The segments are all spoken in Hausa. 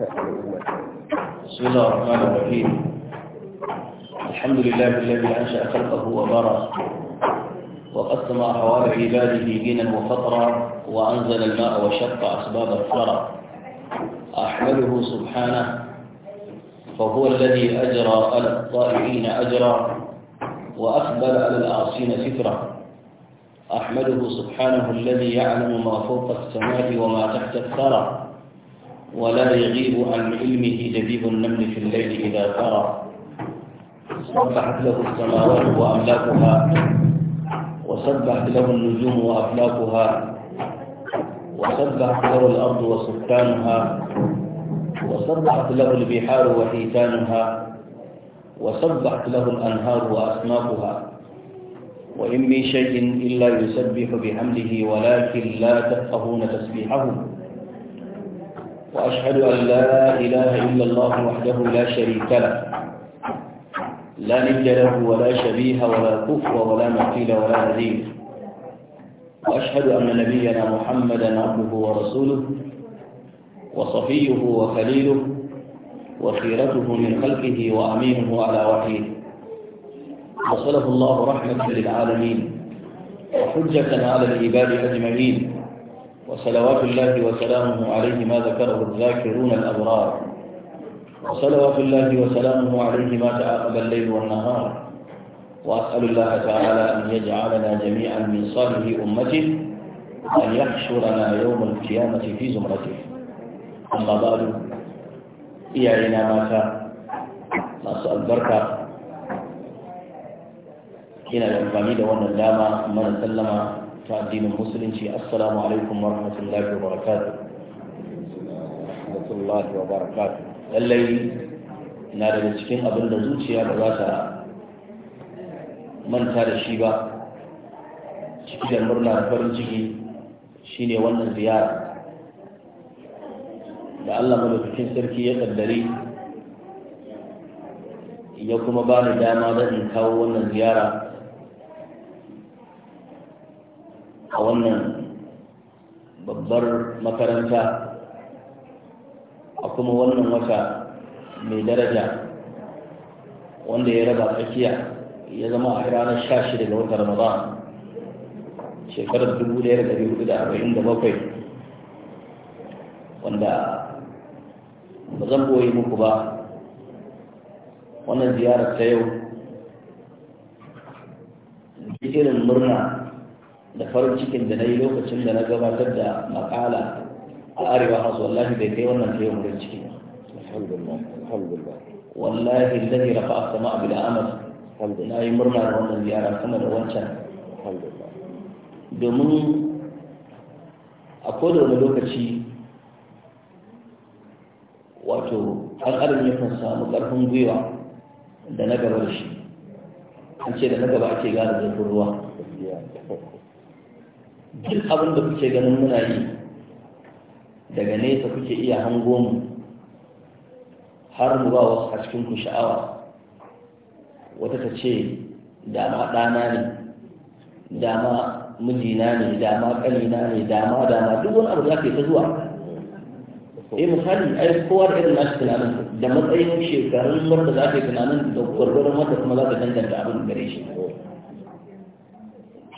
بسم الله الرحمن الرحيم الحمد لله الذي أنشأ خلقه وبرأ وقسم أحوال عباده دينا وفطرا وأنزل الماء وشق أسباب الثرى أحمده سبحانه فهو الذي أجرى على الطائعين أجرا وأقبل على العاصين سترا أحمده سبحانه الذي يعلم ما فوق السماء وما تحت الثرى ولا يغيب عن علمه جديد النمل في الليل إذا ترى سبحت له السماوات وأملاكها وسبحت له النجوم وأفلاكها وسبحت له الأرض وسكانها وسبحت له البحار وحيتانها وسبحت له الأنهار وأسماكها وإن من شيء إلا يسبح بحمده ولكن لا تفقهون تسبيحهم وأشهد أن لا إله إلا الله وحده لا شريك له لا ند له ولا شبيه ولا كفر ولا مثيل ولا نذير وأشهد أن نبينا محمدا عبده ورسوله وصفيه وخليله وخيرته من خلقه وأمينه على وحيه وصله الله رحمة للعالمين وحجة على العباد أجمعين وصلوات الله وسلامه عليه ما ذكره الذاكرون الأبرار وصلوات الله وسلامه عليه ما تعاقب الليل والنهار وأسأل الله تعالى أن يجعلنا جميعا من صالح أمته وأن يحشرنا يوم القيامة في زمرته أما بعد إيانا ما نسأل البركة هنا الأنفاني دون الدامة من سلم ta addinin musulunci assalamu alaikum wa rahmatullahi wa barakatu. rahmatullahi wa lallai na daga cikin abin da zuciya ba za ta manta da shi ba ciki da murna da farin ciki shine wannan ziyara da Allah madaukakin sarki ya kaddare ya kuma ba ni dama da in kawo wannan ziyara a wannan babbar makaranta a kuma wannan wata mai daraja wanda ya raba tsakiya ya zama a ranar sha shida ga wata ramadan shekarar dubu da da da hudu arba'in bakwai wanda ba zan boye muku ba wannan ziyarar ta yau irin murna da farin cikin da na yi lokacin da na gabatar da makala a arewa hasu wallahi bai kai wannan kai wurin ciki wallahi zai rafa a sama abu da amur na yi murna da wannan ziyara sama da wancan domin a wani lokaci wato an adam yakan samu karfin gwiwa da na gaba da shi an ce da na gaba ake gane zafin ruwa duk abin da kuke ganin muna yi daga nesa kuke iya hango mu har mu ba wasu a cikin ku sha'awa wata ta ce dama ɗana ne dama mijina ne dama ƙanina ne dama dama duk wani abu da ke ta zuwa eh misali ai kowa da irin nashi tunanin da matsayin shekarun wanda za ka yi tunanin da gwargwaron wanda kuma za ka danganta abin gare shi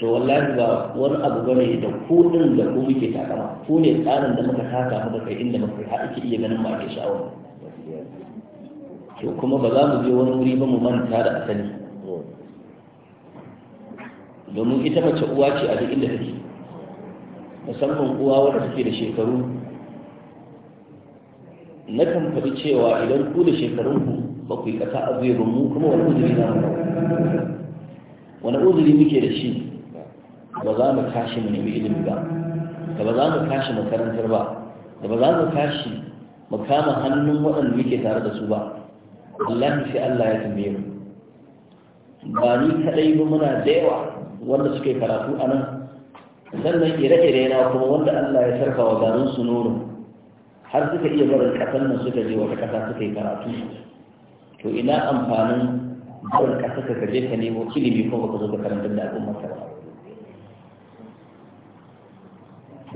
to wallahi ba wani abu bane da kudin da ku muke takama ku ne tsarin da muka taka muka kai inda muka kai ake iya ganin ma ake sha'awa to kuma ba za mu je wani wuri ba mu manta da asali domin ita mace uwa ce a duk inda take musamman uwa wadda take da shekaru na kan faɗi cewa idan ku da shekarunku ba ku yi ƙasa a zuwa mu kuma wani uzuri na wani uzuri muke da shi ba za mu tashi mu nemi ilimi ba da ba za mu tashi mu karantar ba da ba za mu tashi mu kama hannun waɗanda muke tare da su ba wallahi sai Allah ya tambaye mu ba ni kadai ba muna da yawa wanda suke karatu a nan sannan ire-ire na kuma wanda Allah ya sarfa wa garin su nono har suka iya barin kasan nan suka je wata kasa suka yi karatu to ina amfanin barin kasa ka je ka nemo ilimi ko baka zo ka karanta da al'ummar ka ba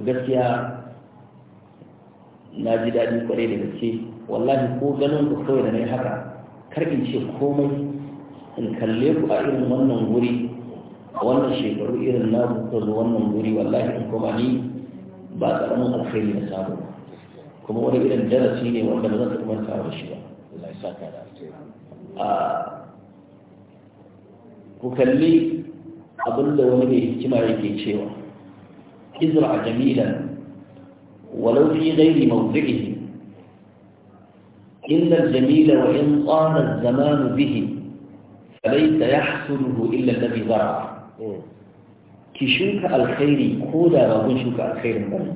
gaskiya na ji daɗi kwarai da gaske wallahi ko ganin ku kawai da na yi haka kar in ce komai in kalle ku a irin wannan wuri a wannan shekaru irin na ku zo wannan wuri wallahi in koma ni ba ƙaramin alkhairi na samu kuma wani irin darasi ne wanda ba zan taɓa manta da shi ba Allah ya saka da ku kalli abinda wani mai hikima yake cewa ازرع جميلا ولو في غير موضعه إن الجميل وإن طال الزمان به فليس يحصله إلا الذي زرع كشوك الخير كودا وكن شوك الخير بني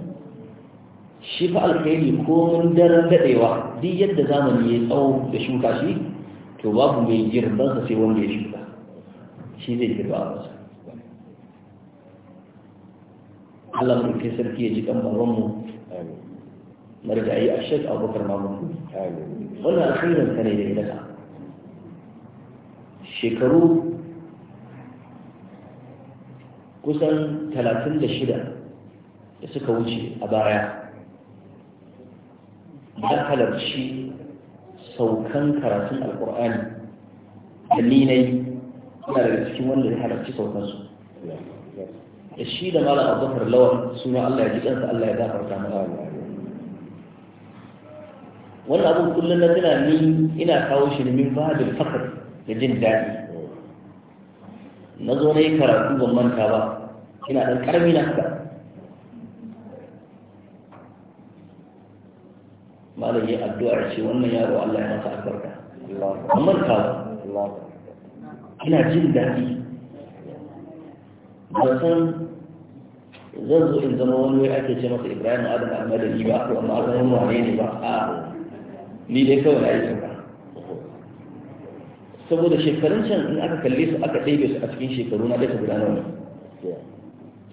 شفاء الخير كون درن دقيوة دي يد زمن يتعو بشوكا شي to من mai girbansa sai wanda شي زي shi بس Allah mu sarki ya ji kan baban mu ayi a shek abubakar bakar wannan alkhairin ka ne da daga shekaru kusan talatin da shida da suka wuce a baya na halarci saukan karatun alkur'ani da ni na yi daga cikin wanda ya halarci saukansu الشيء ده مالك الظفر اللي هو سنة الله يجيك أنت الله يدافر كما قال وانا أقول كل الذين من إنا خوش من بعد الفقر لجن داني نظر إيه كراتو ومن كابا هنا الكرمي نفسك ما له يا الدعاء شيء وانا يا رب الله ما تأكبرك ومن كابا هنا جن داني مثلا zan zo in zama wani wai ake ce masa ibrahim adam ahmad ni ba ko amma zama wane ne ba a ni dai kawai na yi ba saboda shekarun can in aka kalle su aka ɗaibe su a cikin shekaru na ɗaya guda nawa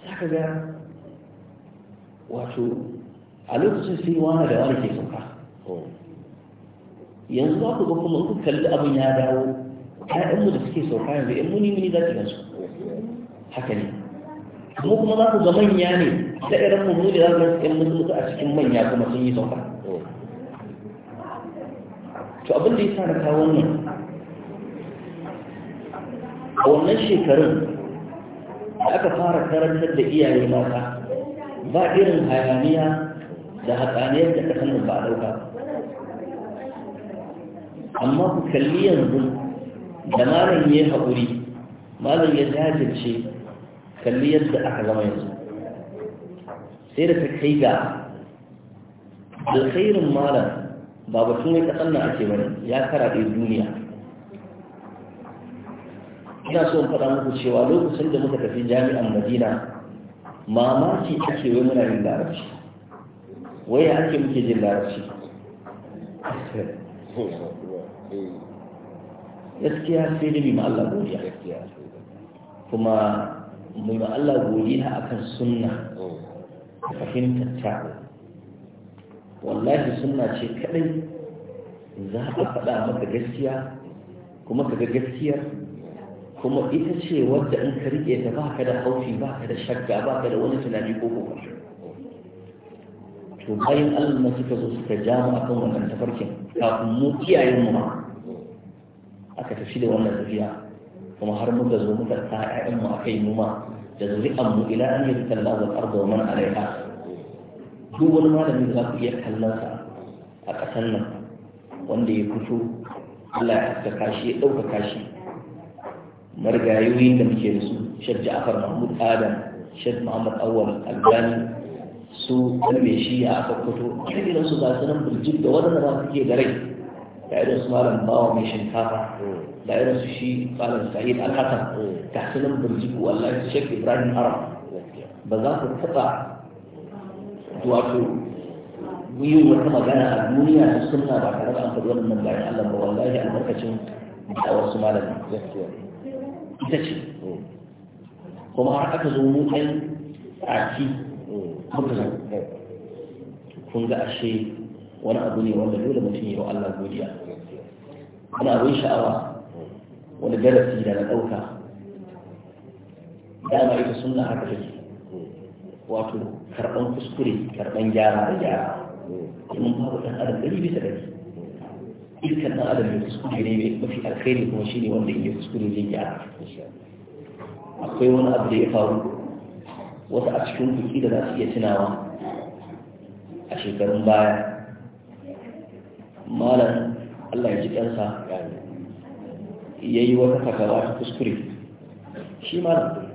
za ka ga wato a lokacin sai wani da wani ke sauka yanzu za ku ga kuma in ku kalli abin ya dawo ƴaƴanmu da suke sauka yanzu ƴan muni muni za ki gansu haka ne mu kuma za ku ga manya ne da irin mu ne za ku ga yan mutu a cikin manya kuma sun yi sauka to abin da ya sa na kawo wannan a wannan shekarun da aka fara karantar da iyaye mata ba irin hayaniya da hatsaniyar da kasan ba a dauka amma ku kalli yanzu da malam ya haƙuri malam ya jajirce kalli yadda aka zama yanzu sai da ta kai ga alkhairin malam ba batun wai kasan nan ake bane ya karaɗe duniya ina so faɗa muku cewa lokacin da muka tafi jami'an madina mamaki ake wai muna yin larabci wai ake muke jin larabci gaskiya sai da bi ma Allah godiya kuma mai ma Allah godiya akan sunna Ka fahimtar ta wallahi sunna ce kadai za a faɗa maka gaskiya kuma kaga gaskiya kuma ita ce wadda in ka riƙe ta baka da haufi baka da shakka baka da wani tunani ko ko to bayan Allah suka zo suka ja mu akan wannan tafarkin kafin mu iyayen mu aka tafi da wannan tafiya kuma har muka zo muka sa ƴaƴan mu akai mu ma jazri'an mu ila an yadda Allah wa arda wa man alaiha duk wani malami za ku iya kallon sa a ƙasar nan wanda ya fito Allah ya haskaka shi ya ɗaukaka shi marigayoyin da muke da su shar Ja'far Mahmud Adam shar Muhammad Awwal Albani su ɗan mai shi a aka fito irin su ga su nan burjik da waɗanda ba su ke da rai da irin su malam bawa mai shinkafa da irin su shi malam sa'id al-hasan da hasunan burjiku wallahi su shek ibrahim arab ba za ku taɓa wato yin wata magana a duniya ta suna ba tare da an faɗi wannan bayan allah ba wallahi albarkacin da wasu malami ita ce kuma har aka zo mu ɗan aki kun ga ashe wani abu ne wanda dole mutum yau Allah godiya wani abin sha'awa wani darasi da na ɗauka dama ita suna haka take wato karɓan kuskure karɓan gyara da gyara domin babu ɗan adam ɗari bisa ɗari iskar ɗan adam mai kuskure ne mafi alkhairi kuma shi ne wanda ya kuskure zai gyara akwai wani abu da ya faru wasu a cikin kuki da za su iya tunawa a shekarun baya malam Allah ya ji ƙansa ya yi wata takawa ta kuskure shi malam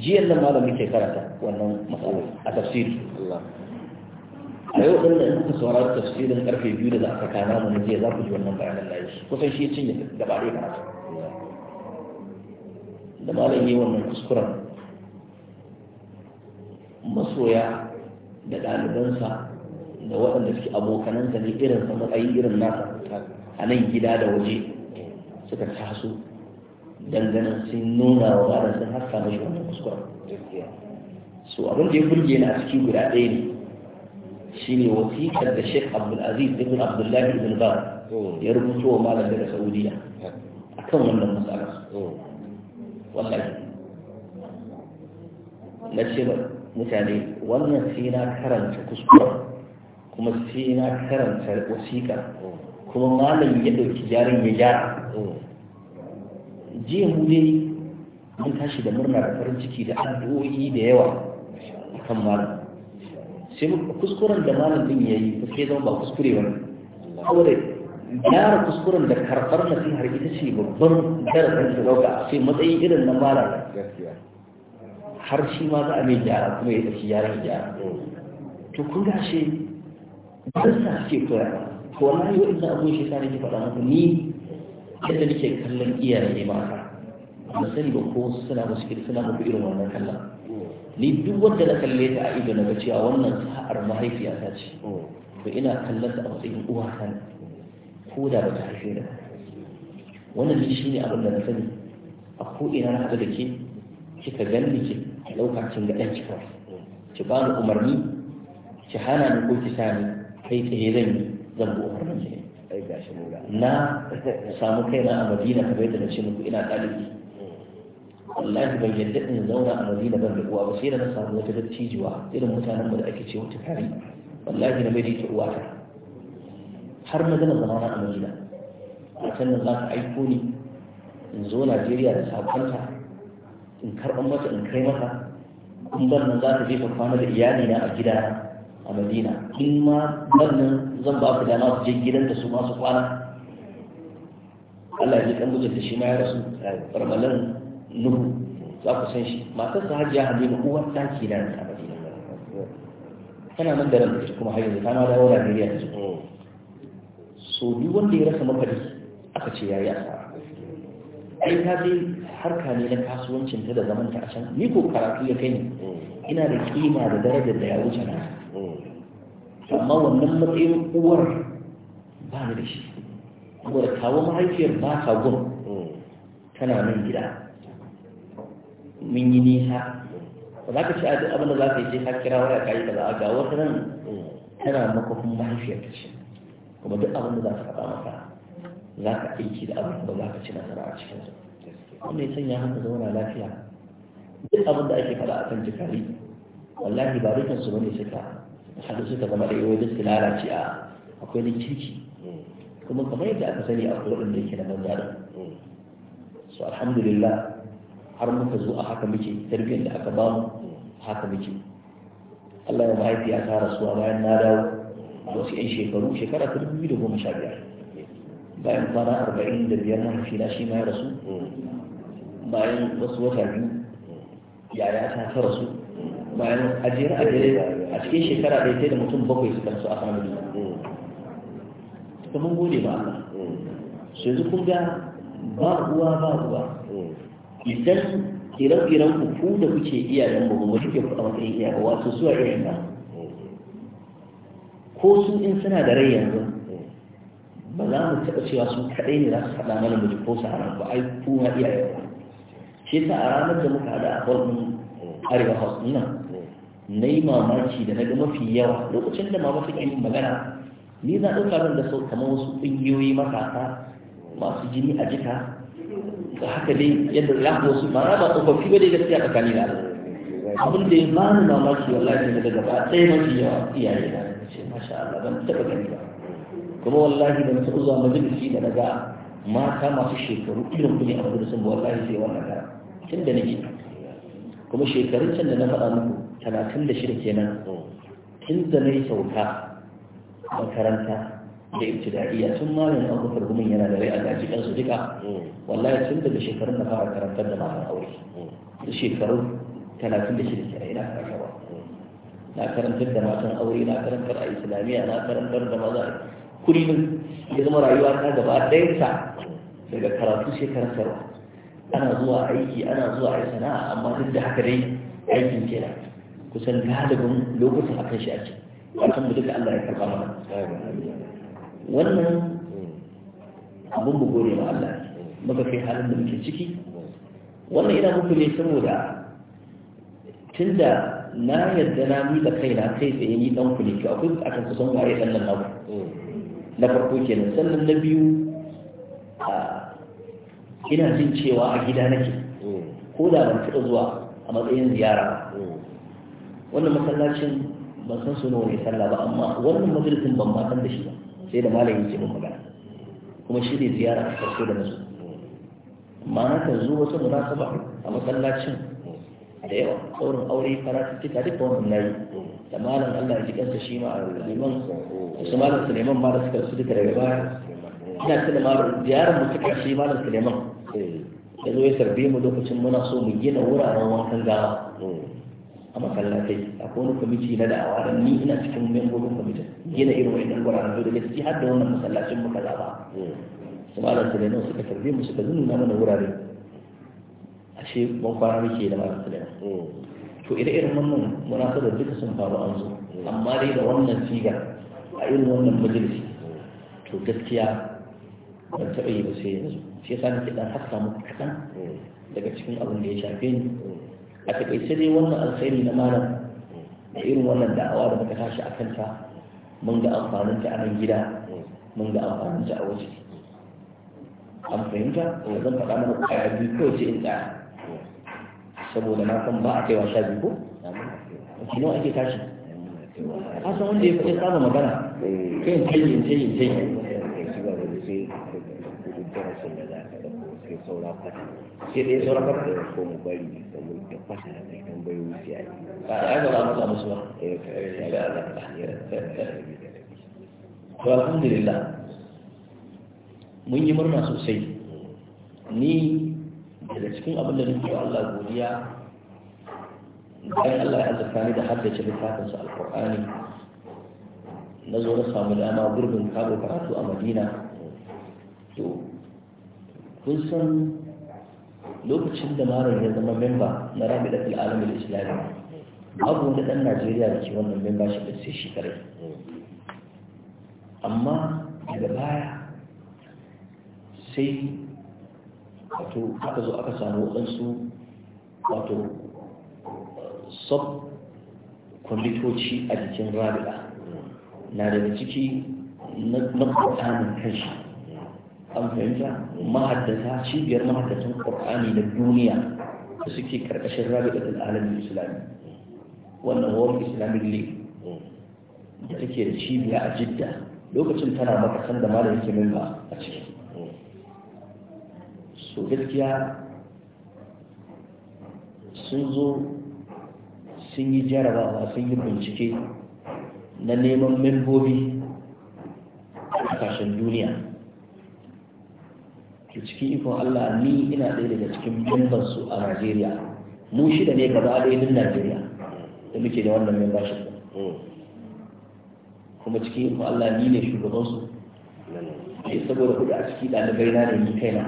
jiyar da malar muke karata wannan matsalar a tafsiri a yau ɗin da kuka saurara tafsirin ƙarfe biyu da za a kaka na na jiya za ku ji wannan bayanan layi kusan shi cinye da ba dai karatu da malam yi wannan kuskuren masoya da ɗalibansa da waɗanda suke abokanansa ne irin sa matsayi irin nasa a nan gida da waje suka taso dangane sun nuna wa ranar sun haska mashi wannan kuskuren so abin da ya burge na a ciki guda ɗaya ne Shi ne wasiƙar da Sheikh Abdulaziz ibn Abdullah ibn Bar ya rubuto wa malam daga Saudiya kan wannan matsala wallahi na ce mutane wannan sai na karanta kuskure kuma sai na karanta wasiƙa kuma malam ya ɗauki jarin ya gyara jiya mu dai mun tashi da murna da farin ciki da addu'o'i da yawa kan malam sai kuskuren da malam din yayi sai zama ba kuskure ba saboda gyara kuskuren da karɓar nasihar ita ce babban darasin da dauka sai matsayin irin na malam har shi ma za a mai gyara kuma ya tafi yaran gyara to kun gashi darsa suke koya to wallahi wa'in da abin shi sani ki faɗa muku ni yadda nake kallon iyaye mata ba sani ba ko suna musu suna muku irin wannan kallon ni duk wanda na kalle ta a ido na ga a wannan sa'ar mahaifiyata ce to ina kallon ta a matsayin uwa ne. ko da ba ta haife da wannan ne shine abin da na sani a ko ina na haɗu da ke kika ganni ki ɗauka kin ga ɗan ki kawai ki ba ni umarni ki hana ni ko ki sa ni kai tsaye zan yi zan bi umarnin sa na samu kaina a madina ka yadda da ce muku ina ɗalibi wallahi ban yadda in zauna a madina ban da uwa ba sai da na samu wata dattijuwa irin mutanen mu da ake ce wata kari wallahi na bai da ita uwata har na gana zamana a madina a can nan za ka aiko ni in zo najeriya da sakonta in karɓar mata in kai mata in ban nan za ka je ka kwana da iyalina a gidana a madina in ma wannan zan ba ku dama su je gidanta su masu kwana Allah ya ji kan mijinta shi ma ya rasu barbalan eh, nuhu za ku san shi matar sa hajiya halima uwar ke da a madina tana nan da ran ta kuma haihu ta na dawo Najeriya ta so duk wanda ya rasa mafari aka ce yayi asara ai ta dai harka ne na kasuwancin ta da zamanta a can ni ko karatu ya kai ni ina da kima da darajar da ya wuce na amma wannan matsayin uwar ba ni da shi saboda kawo mahaifiyar ba ta gun tana nan gida mun yi nisa ba za ka ci abin abinda za ka yi ka kira waya ka yi kaza ga wata nan tana makwafin mahaifiyar ta ce kuma duk abin da za ka faɗa maka za ka aiki da abin da za ka ci nasara a cikin su wanda ya sanya haka zauna lafiya duk abin da ake faɗa a kan jikari wallahi ba dukansu bane suka hadu suka zama da wajen su lalace a akwai da kirki kuma kamar yadda aka sani a kodin da yake na banza da so alhamdulillah har muka zo a haka muke tarbiyyar da aka bamu haka muke Allah ya mahaifiya ta rasuwa bayan na dawo a wasu 'yan shekaru shekara ta dubu da goma sha biyar bayan kwana arba'in da biyar mahaifina shi ma ya rasu bayan wasu wata biyu yaya ta ta rasu bayan ajiyar ajiyar a cikin shekara ɗaya sai da mutum bakwai suka rasu a kan madina mun gode ba Allah su yanzu kun ga ba uwa ba uwa idan kiran-kiran ku da kuke iyayen ba mu kuke ku a matsayin ba wasu su a iyayen ba ko su in suna da rai yanzu ba za mu taɓa cewa su kaɗai ne za su faɗa mana mu ko su haram ba ai kuma iyaye ba shi ta a ranar da muka haɗa a farkon arewa haus nan na yi mamaki da na ga mafi yawa lokacin da mama suke yin magana ni na ɗauka nan da sau kamar wasu ƙungiyoyi matasa masu jini a jika da haka dai yadda za ku wasu ba ba tsofaffi ba dai gaskiya tsakani na abin da ya ba ni mamaki wallahi ne daga ba sai mafi yawa iyaye na ce masha Allah ban taɓa gani ba kuma wallahi da na taɓa zuwa majalisi da na ga mata masu shekaru irin ku a majalisin ba wallahi sai wannan gara tun da nake kuma shekarun can da na faɗa muku talatin da shida kenan tun da na yi sauka makaranta da ibtida'iyya tun malam abubakar gumin yana da rai a kan su duka wallahi tun daga shekarun da fara karantar da malam aure da shekaru talatin da shida kenan ina karantarwa na karantar da matan aure na karantar a islamiyya na karantar da maza kullum ya zama rayuwa ta gaba ɗayansa daga karatu sai karantarwa ana zuwa aiki ana zuwa a sana'a amma duk da haka dai aikin kenan kusan galibin lokutan kan shi ake kan mu duka Allah ya karɓa mana wannan abin mu gode wa Allah muka kai halin da muke ciki wannan ina muku ne saboda tunda na yarda na mi da kaina kai tsaye ni dan ku ne ki akwai kan kusan waye dan nan naku na farko kenan sannan na biyu ina jin cewa a gida nake ko da ban taɓa zuwa a matsayin ziyara ba wannan masallacin ban san su nawa ne sallah ba amma wannan majalisin ban ma san da shi ba sai da malamin ke mun magana kuma shi ne ziyara a farko da nasu amma na kan zo wasu munasaba a masallacin da yawa tsaurin aure karatu cika duka wannan nayi da malam Allah ya ji kansa shi ma a liman su malam Suleiman ma da suka su duka daga baya ina da malam ziyarar mu suka shi malam Suleiman ya zo ya sarbe mu lokacin muna so mu gina wuraren wankan gawa a akwai wani kwamiti na da'awa da ni ina cikin membobin kwamitin gina irin wa'in guraren da gaske har da wannan masallacin muka zaba su malam suleiman suka tarbe mu suka nuna mana wurare ashe ban kwana muke da malam suleiman to ire irin wannan munasabar duka sun faru an zo amma dai da wannan siga a irin wannan majalisi to gaskiya ban taɓa yi ba sai yanzu shi yasa nake dan haska muku kaɗan daga cikin abin da ya shafe ni a taƙaice dai wannan alkhairi na malam da irin wannan da'awa da muka tashi a kanta mun ga amfanin ta a nan gida mun ga amfanin ta a waje an fahimta ko eh, zan faɗa mana kwaya biyu kawai ce in tsaya saboda na san ba a kaiwa sha biyu ko kino ake tashi a san wanda ya faɗi tsama magana kai in tayi in tayi in tayi sai dai sauran kafa da ko mu bari saboda da fasa da kai tambayoyi sai ai ba ai ba za mu samu su ba eh sai ga Allah ta hira to alhamdulillah mun yi murna sosai ni daga cikin abin da nake Allah godiya bayan Allah ya azurta ni da haddace littafin sa alqur'ani na zo na samu dama gurbin karo karatu a Madina to kun san lokacin da marar ya zama memba na rabi da alamin islami babu wani ɗan najeriya da ke wannan memba shi da sai shekarai amma daga baya sai wato aka zo aka samu waɗansu wato uh, sub kwamitoci a jikin rabi'a na daga ciki na kwatanin kanshi an fahimta mahaddata cibiyar mahaddatan qur'ani da duniya da suke karkashin da alamin islami wannan world islamic league da take da cibiya a jidda lokacin tana makasan da malam yake memba a ciki so gaskiya sun zo sun yi jarabawa sun yi bincike na neman membobi a kasashen duniya ke cikin ikon Allah ni ina ɗaya daga cikin membar su a Najeriya mu shida ne gaba ɗaya din Najeriya da muke da wannan membership kuma cikin ikon Allah ni ne shugaban su ne eh, saboda kuɗi a ciki ɗalibai na da ni kaina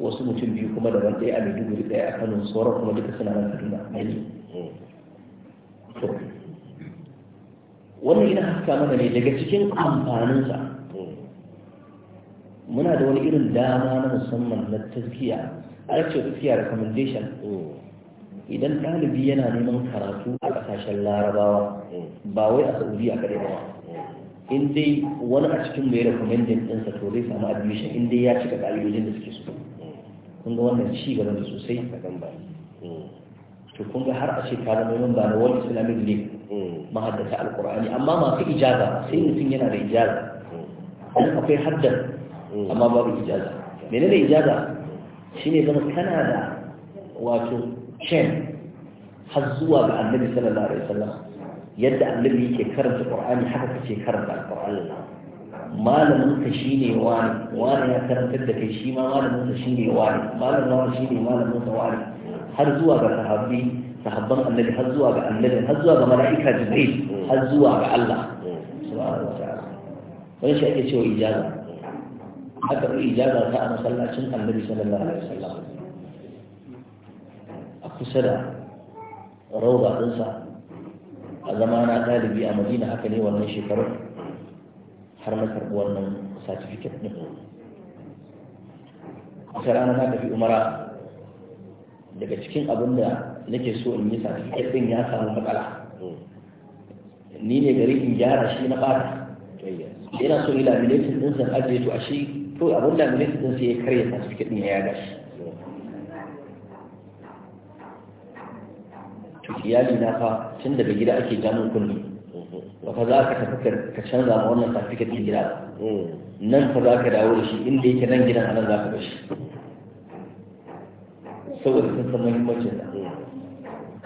wasu mutum biyu kuma daban ɗaya a Maiduguri ɗaya a Kano sauran kuma duka suna nan Kaduna ne wannan ina haska mana ne daga cikin amfaninsa muna da wani irin dama na musamman na taskiya a ce taskiya recommendation idan ɗalibi yana neman karatu a ƙasashen larabawa ba wai a saudiya kaɗai ba in dai wani a cikin mai recommending ɗinsa to zai samu admission in dai ya cika ƙa'idojin da suke so kun ga wannan ci gaba da sosai a kan ba to kun ga har a ce ka zama memba na wani islamic ne mahaddata alkur'ani amma masu ijaza sai mutum yana da ijaza dan akwai haddar amma babu ijaza menene ijaza shine zama kana da wato chain har zuwa ga annabi sallallahu alaihi wasallam yadda annabi yake karanta qur'ani haka kace karanta alqur'ani malamin ka shine wani wani ya karantar da kai shi ma malamin ka shine wani malamin wani shine malamin sa wani har zuwa ga sahabbi sahabban annabi har zuwa ga annabi har zuwa ga mala'ika jibril har zuwa ga Allah subhanahu wa ta'ala wani shi ake cewa ijaza aka fi ijaza ta a masallacin annabi sallallahu alaihi wasallam a kusa da rauba dinsa a zama na dalibi a madina haka ne wannan shekarun, har na karɓi wannan certificate ɗin a rana na tafi umara daga cikin abin da nake so in yi certificate ɗin ya samu matsala ni ne gari in gyara shi na ɓata yana so ila miletin ɗinsa ajiye to a shi to abin da minista din sai ya karya certificate din ya yaga shi to iyali na fa tun daga gida ake jami'in kulli ba fa za ka tafi ka canza ma wannan certificate din gida nan fa za ka dawo da shi inda yake nan gidan anan za ka bar shi saboda sun san muhimmancin da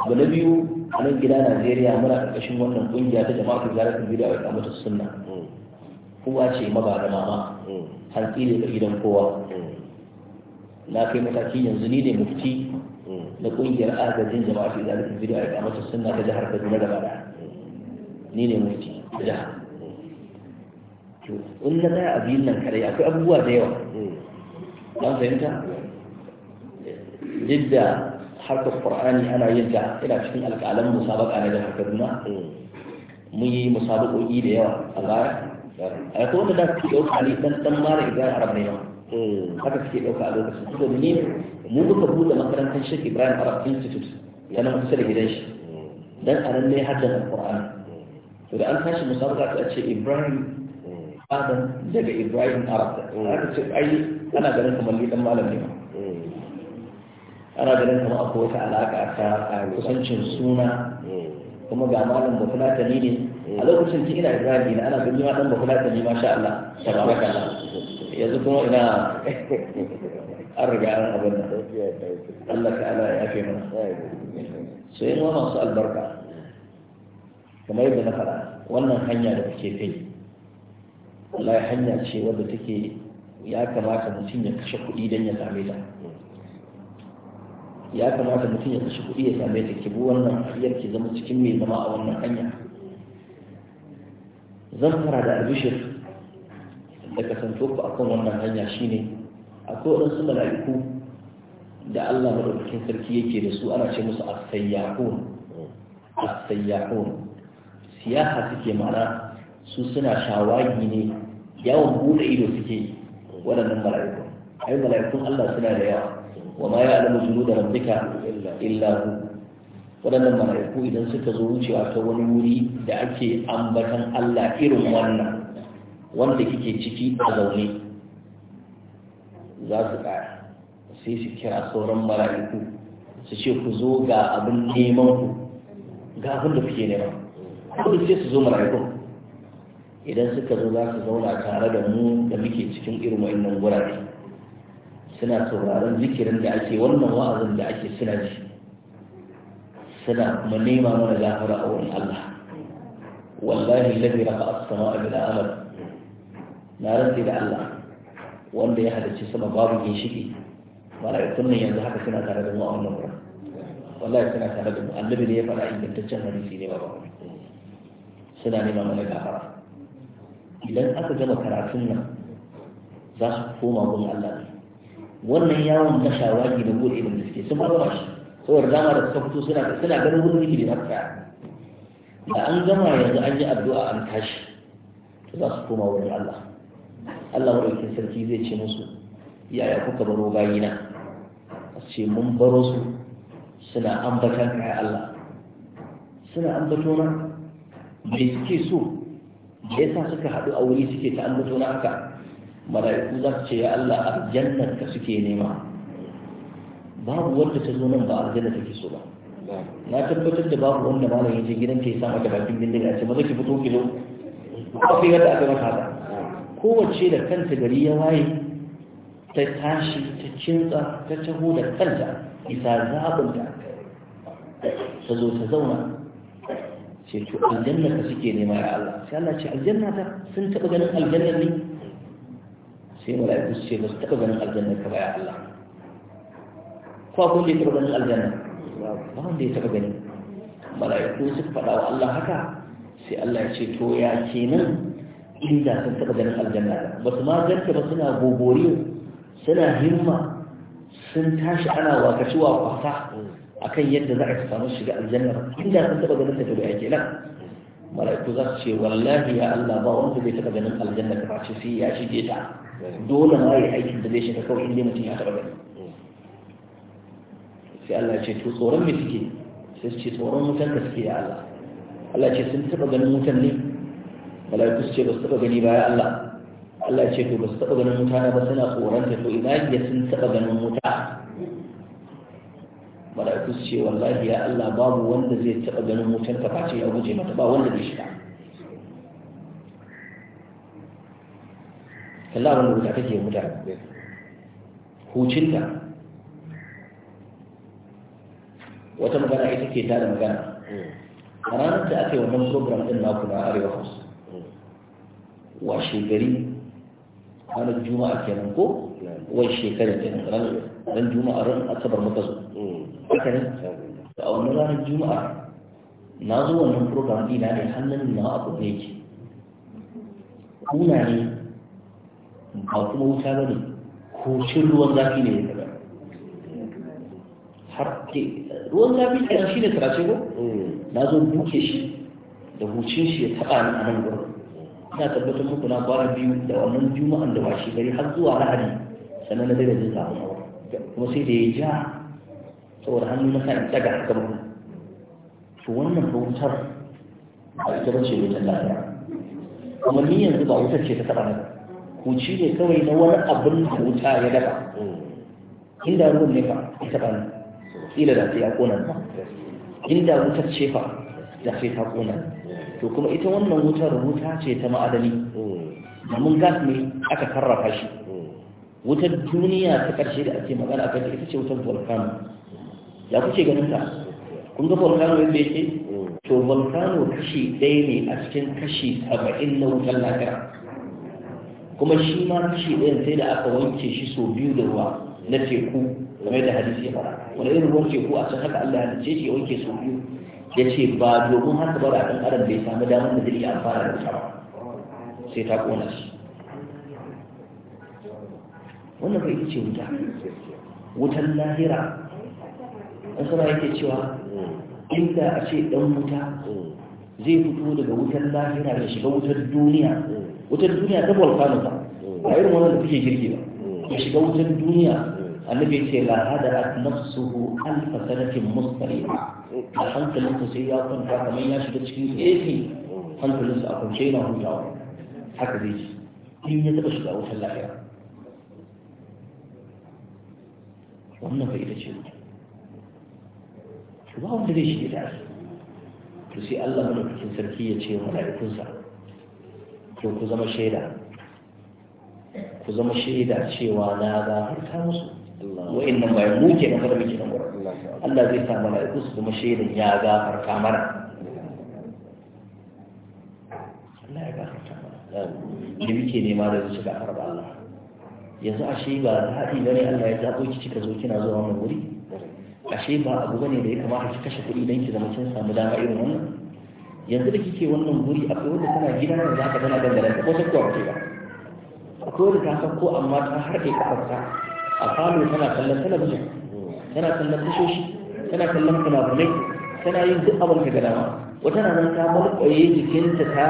abu na biyu a nan gida najeriya muna ƙarƙashin wannan ƙungiya ta jama'a ta zarafin gida a wata mutu sunna uwa ce maza da mama hantsi ne ga gidan kowa mm. na kai mataki yanzu ni ne mufti mm. na kungiyar agajin jama'a fi zalikin bid'a da mace sunna ta jihar Kaduna da Bada mm. ni ne mufti da jihar to in na tsaya a biyun nan kadai akwai abubuwa da yawa an fahimta duk da harkar qur'ani ana yin ta ina cikin alƙalan musabaka na jihar Kaduna mun yi musabakoki da yawa a baya Eh, a yato wanda da suke ɗauka ne dan dan mara ibrahim arab ne hmm. haka suke ɗauka a lokacin su domin ne mu muka buɗe makarantar shek ibrahim arab institute ta nan kusa da gidan shi hmm. dan a nan ne hajjan alƙur'ani hmm. to da an tashi musabaka ta ce ibrahim adam daga ibrahim arab haka ce ai ana ganin kamar ni dan malam ne ana ganin kamar akwai wata alaƙa ta kusancin suna kuma ga malam ba kula ta ne a lokacin ci ina ibrahim ina ana gudu ma dan ba kula ta ne masha Allah tabaraka Allah yanzu kuma ina an riga an abin da Allah ala ya fi mana sai mu masu albarka kamar yadda na faɗa wannan hanya da kuke kai wallahi hanya ce wadda take ya kamata mutum ya kashe kuɗi don ya same ta ya kamata mutum ya kashe kuɗi ya same ta kibu wannan hanyar ke zama cikin mai zama a wannan hanya zan fara da albishir da kasanto ku akan wannan hanya shine akwai waɗansu mala'iku da Allah madaukakin sarki yake da su ana ce musu a sayyahun as siyaha suke mara su suna shawagi ne yawon bude ido suke waɗannan mala'iku ai mala'ikun Allah suna da yawa wa ma ya'lamu da rabbika illa hu waɗannan mala'iku idan suka zo wucewa ta wani wuri da ake ambatan Allah irin wannan wanda kike ciki a zaune za su ƙara sai su kira sauran mala'iku su ce ku zo ga abin neman ku ga abin da kuke nema kudu sai su zo mala'iku idan suka zo za su zauna tare da mu da muke cikin irin wa'annan gurare suna sauraron zikirin da ake wannan wa'azin da ake suna ji suna kuma nema mana gafara a wurin Allah wallahi ladhi rafa'a as a bil amal na rantsi da Allah wanda ya halarci sama babu ginshiki mala'ikun nan yanzu haka suna tare da mu a wannan wurin wallahi suna tare da mu annabi ne ya faɗa ingantaccen hadisi ne ba suna nema mana gafara idan aka gama karatun nan za su koma gun Allah ne wannan yawon na shawagi da buɗe, da suke sun fara shi saboda dama da suka fito suna suna ganin wurin yake da haka da an gama yanzu an yi addu'a an tashi to za su koma wurin Allah Allah madaukakin sarki zai ce musu yaya kuka baro bayina A ce mun baro su suna ambatan kayan Allah suna ambato na mai suke so da yasa suka haɗu a wuri suke ta ambato na haka mala'iku za su ce ya Allah aljannar ka suke nema babu wanda ta zo nan ba aljanna take so ba na tabbatar da babu wanda na yanzu gidan ke sa mata bakin bindiga ce maza ki fito kilo ba fi aka maka ba kowace da kanta gari ya waye ta tashi ta kinsa ta taho da kanta isa da ta zo ta zauna ce to aljanna ka suke nema ya Allah sai Allah ce aljanna ta sun taɓa ganin aljanna ne sai mala'iku su ce ba su taɓa ganin aljanna ka baya Allah ko kun je ya taɓa ganin aljanna ba wanda ya taɓa gani mala'iku suka faɗa wa Allah haka sai Allah ya ce to ya kenan inda sun taɓa ganin aljanna ba su ma ganta ba suna gogori suna himma sun tashi ana wakaci wa kwasa akan yadda za a samu shiga aljanna inda sun taɓa ganin ta ba ya kenan mala'iku za su ce wallahi ya Allah ba wanda bai taɓa ganin aljanna ka face sai ya shige ta dole ma ya aikin da zai shiga kawai inda mutum ya taɓa gani sai Allah ce to tsoron me suke sai su ce tsoron wutan da suke ya Allah Allah ce sun taɓa ganin wutan ne mala'iku su ce ba su taɓa gani ba ya Allah Allah ce to ba su taɓa ganin wuta ba suna tsoron ta to ina ya sun taɓa ganin wuta mala'iku su ce wallahi ya Allah babu wanda zai taɓa ganin wutar ka face ya guje mata ba wanda zai shiga kalla wanda wuta take mutane hucinta wata magana ita ke tada magana a ranar da aka yi wannan program din naku na arewa house washe gari ranar juma'a kenan ko wai shekara kenan ranar juma'a ranar asabar muka zo haka ne a wannan ranar juma'a na zo wannan program ɗina ne hannun na abu ne ke kuna ne ba kuma wuta ba ne ko cin ruwan zafi ne ya har ke ruwan zafi kenan shi ne tarace ko eh. na zo buke shi da hucin shi ya taɓa ni a nan gurin ina tabbatar muku na fara biyu da wannan juma'an da shi gari har zuwa lahadi sannan na daga jin zafin kuma sai da ya ja saboda hannu na kan tsaga haka mu to wannan bautar a ita bace wutar lafiya kuma ni yanzu ba wutar ce ta taba ba ci ne kawai na wani abin da wuta ya dafa inda ruwan ne fa ita ba ne kila da ya kona ba inda wutar ce fa da sai ta kona to kuma ita wannan wutar wuta ce ta ma'adani mun gas ne aka karrafa shi wutar duniya ta karshe da ake magana a kan ita ce wutar volcano ya kuce ganin ta kun ga volcano yadda yake hmm. to volcano kashi ɗaya ne a cikin kashi saba'in na wutar lahira kuma shi ma kashi ɗayan sai da aka wanke shi sau biyu da ruwa na teku game da hadisi ya fara wani irin ruwan teku a can haka Allah ya ce ya wanke sau biyu ya ce ba domin haka ba da ɗan adam bai samu damar da zai amfana da ta ba sai ta ƙona shi wannan bai ce wuta wutan lahira sama yake cewa inda a ce dan wuta zai fito daga wutar lahira da shiga wutar duniya wutar duniya ta volcano ba a irin wannan da kuke girki ba ya shiga wutar duniya annabi ce la hadarat nafsuhu alf sanatin mustariha a hankalin ku sai ya kwanta kamar ya shiga cikin AC hankalin sa a kwance yana hutawa haka zai ji in ya taba shiga wutar lahira wannan fa ita ce to ba wanda zai shiga da su to sai Allah madaukakin sarki ya ce mala'ikunsa to ku zama shaida ku zama shaida cewa na gafarta musu ba bayan muke ke kada muke nan gurin Allah zai sa mala'iku su zama shaida ya gafarta mana Allah ya gafarta mana da muke nema da zuci gafar ba Allah yanzu a shi ba haɗi bane Allah ya zaɓo ki cika zo kina zuwa mu wuri ashe ba abu bane da ya kamata ki kashe kuɗi don ki zama kin samu dama irin wannan yanzu da kike wannan guri a wanda tana gida da za gana tana dangaren ko ta kowa ce ba akwai wanda ta san ko amma ta harɗe kafarta a falo tana kallon talabijin tana kallon tashoshi tana kallon fina-finai tana yin duk abin ka gada ma wata na nan ta malƙwaye jikinta ta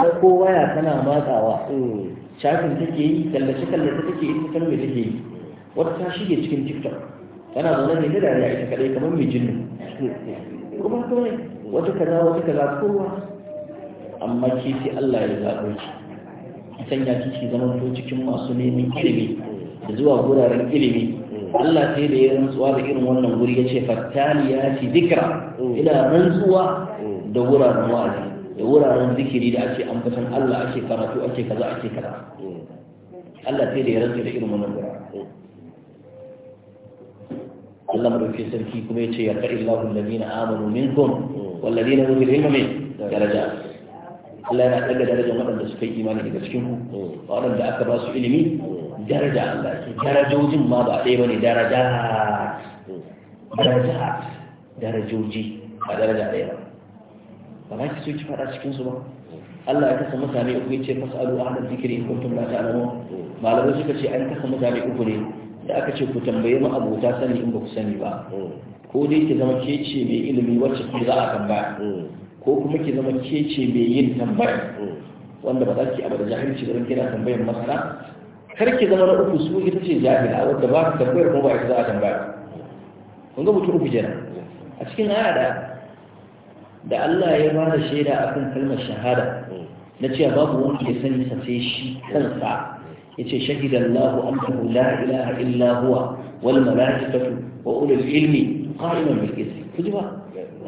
ɗauko waya tana matsawa shafin take yi kallace-kallace take yi ita kalmai take yi wata ta shige cikin tiktok kana zaune ne da dariya ita kadai kamar mai jinnu kuma to ne wata kaza wata kaza kowa amma ki sai Allah ya zaɓo ki sanya kiki zama to cikin masu neman ilimi da zuwa guraren ilimi Allah sai da ya rantsuwa da irin wannan wuri ya ce fattali ya ci zikira ila rantsuwa da wuraren wa'azi da wuraren zikiri da ake fasan Allah ake karatu ake kaza ake kaza Allah sai da ya rantsu da irin wannan wuraren Allah madaukakin sarki kuma yace ya kai Allahu alladhina amanu minkum walladhina utul ilma min daraja Allah yana daga darajar waɗanda suka yi imani daga cikin ku waɗanda aka ba su ilimi daraja Allah ke darajojin ma ba ɗaya bane daraja daraja darajoji ba daraja ɗaya ba ba ki so ki faɗa cikin su ba Allah ya kasa mutane uku ya ce fasalu ahlal zikri in kuntum la ta'lamun malamai suka ce an kasa mutane uku ne da aka ce ku tambaye mu abota sani in ba ku sani ba ko dai ki zama ke ce mai ilimi wacce ku za a tambaya ko kuma ki zama ke ce mai yin tambaya wanda ba za ki abada jahilci ba kina tambayar masana kar ki zama na uku su ita ce jahila wanda ba ka tambayar ko ba ita za a tambaya kun ga mutum uku jira a cikin aya da da Allah ya ba da shaida akan kalmar shahada na cewa babu wanda ya sani sa sai shi kansa يتي شهد الله أنه لا إله إلا هو والملائكة وأولي العلم قائما بالإذن كذبا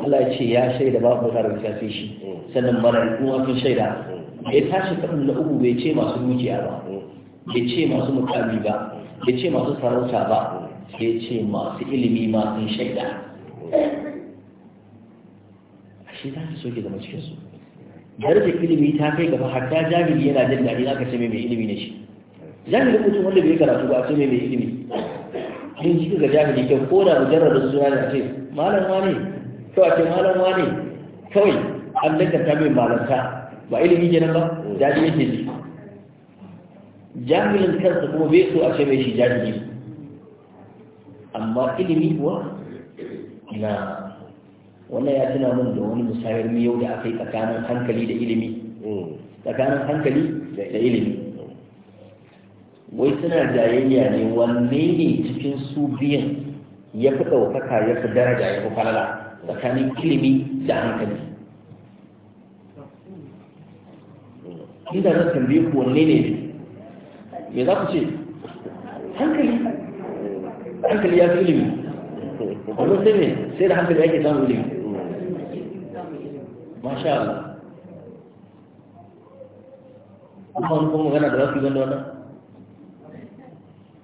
الله يتي يا شهد باب مطار الكافيشي سنن مرع الأمور في الشهد يتاشي فأن الأمور بيتي ما سنوكي أبا بيتي ما سنوكي أبا بيتي ما سنوكي أبا بيتي ما سنوكي ما سنشهد الشيطان سوكي دمو تكسو درجة كلمة تاكي كفا حتى جاكي لينا جلنا لينا كسمي بإلمي نشي da mutum wanda bai karatu ba a ce mai mai ilimi in ji ga jami'in kyau ko da mujarrar suna da ce malam wane kawai a ce malam wane kawai an danganta mai malanta ba ilimi nan ba jahili yake ji jahilin kansa kuma bai so a ce mai shi jami'in, amma ilimi kuwa na wannan ya tuna min da wani musayar miyau da aka yi tsakanin hankali da ilimi mm. tsakanin hankali da ilimi wai suna jayayya ne wanne ne cikin su biyan ya fi ɗaukaka ya fi daraja ya fi falala tsakanin ilimi da hankali inda zan tambaye ku wanne ne me za ku ce hankali hankali ya fi ilimi wani sai ne sai da hankali ake samun ilimi masha Allah kuma kuma magana da za su yi wanda wannan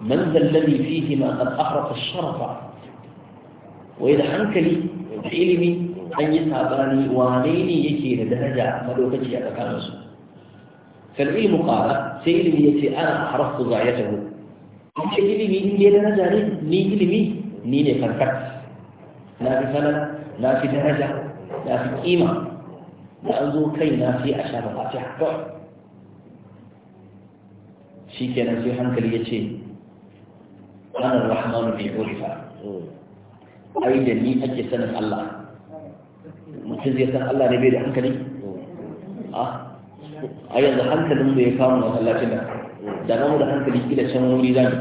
من ذا الذي فيهما قد أحرق الشرف وإذا حنك لي في علمي أي صاباني وانيني يكي لدهجا مدوكة جاء كامس فالعلم قال سيلم يتي أنا أحرقت غايته في علمي إني لدهجا لي ني علمي نيني فركت لا في فلد لا في دهجا لا في قيمة لا أنظر كي لا في أشهر فاتحة شيء كان في يتي ana rahmanu mai orifa ai da ni ake sanin Allah mutum zai san Allah ne bai da hankali a yanzu hankalin da ya masallacin nan da namu da hankali kila can wuri zamu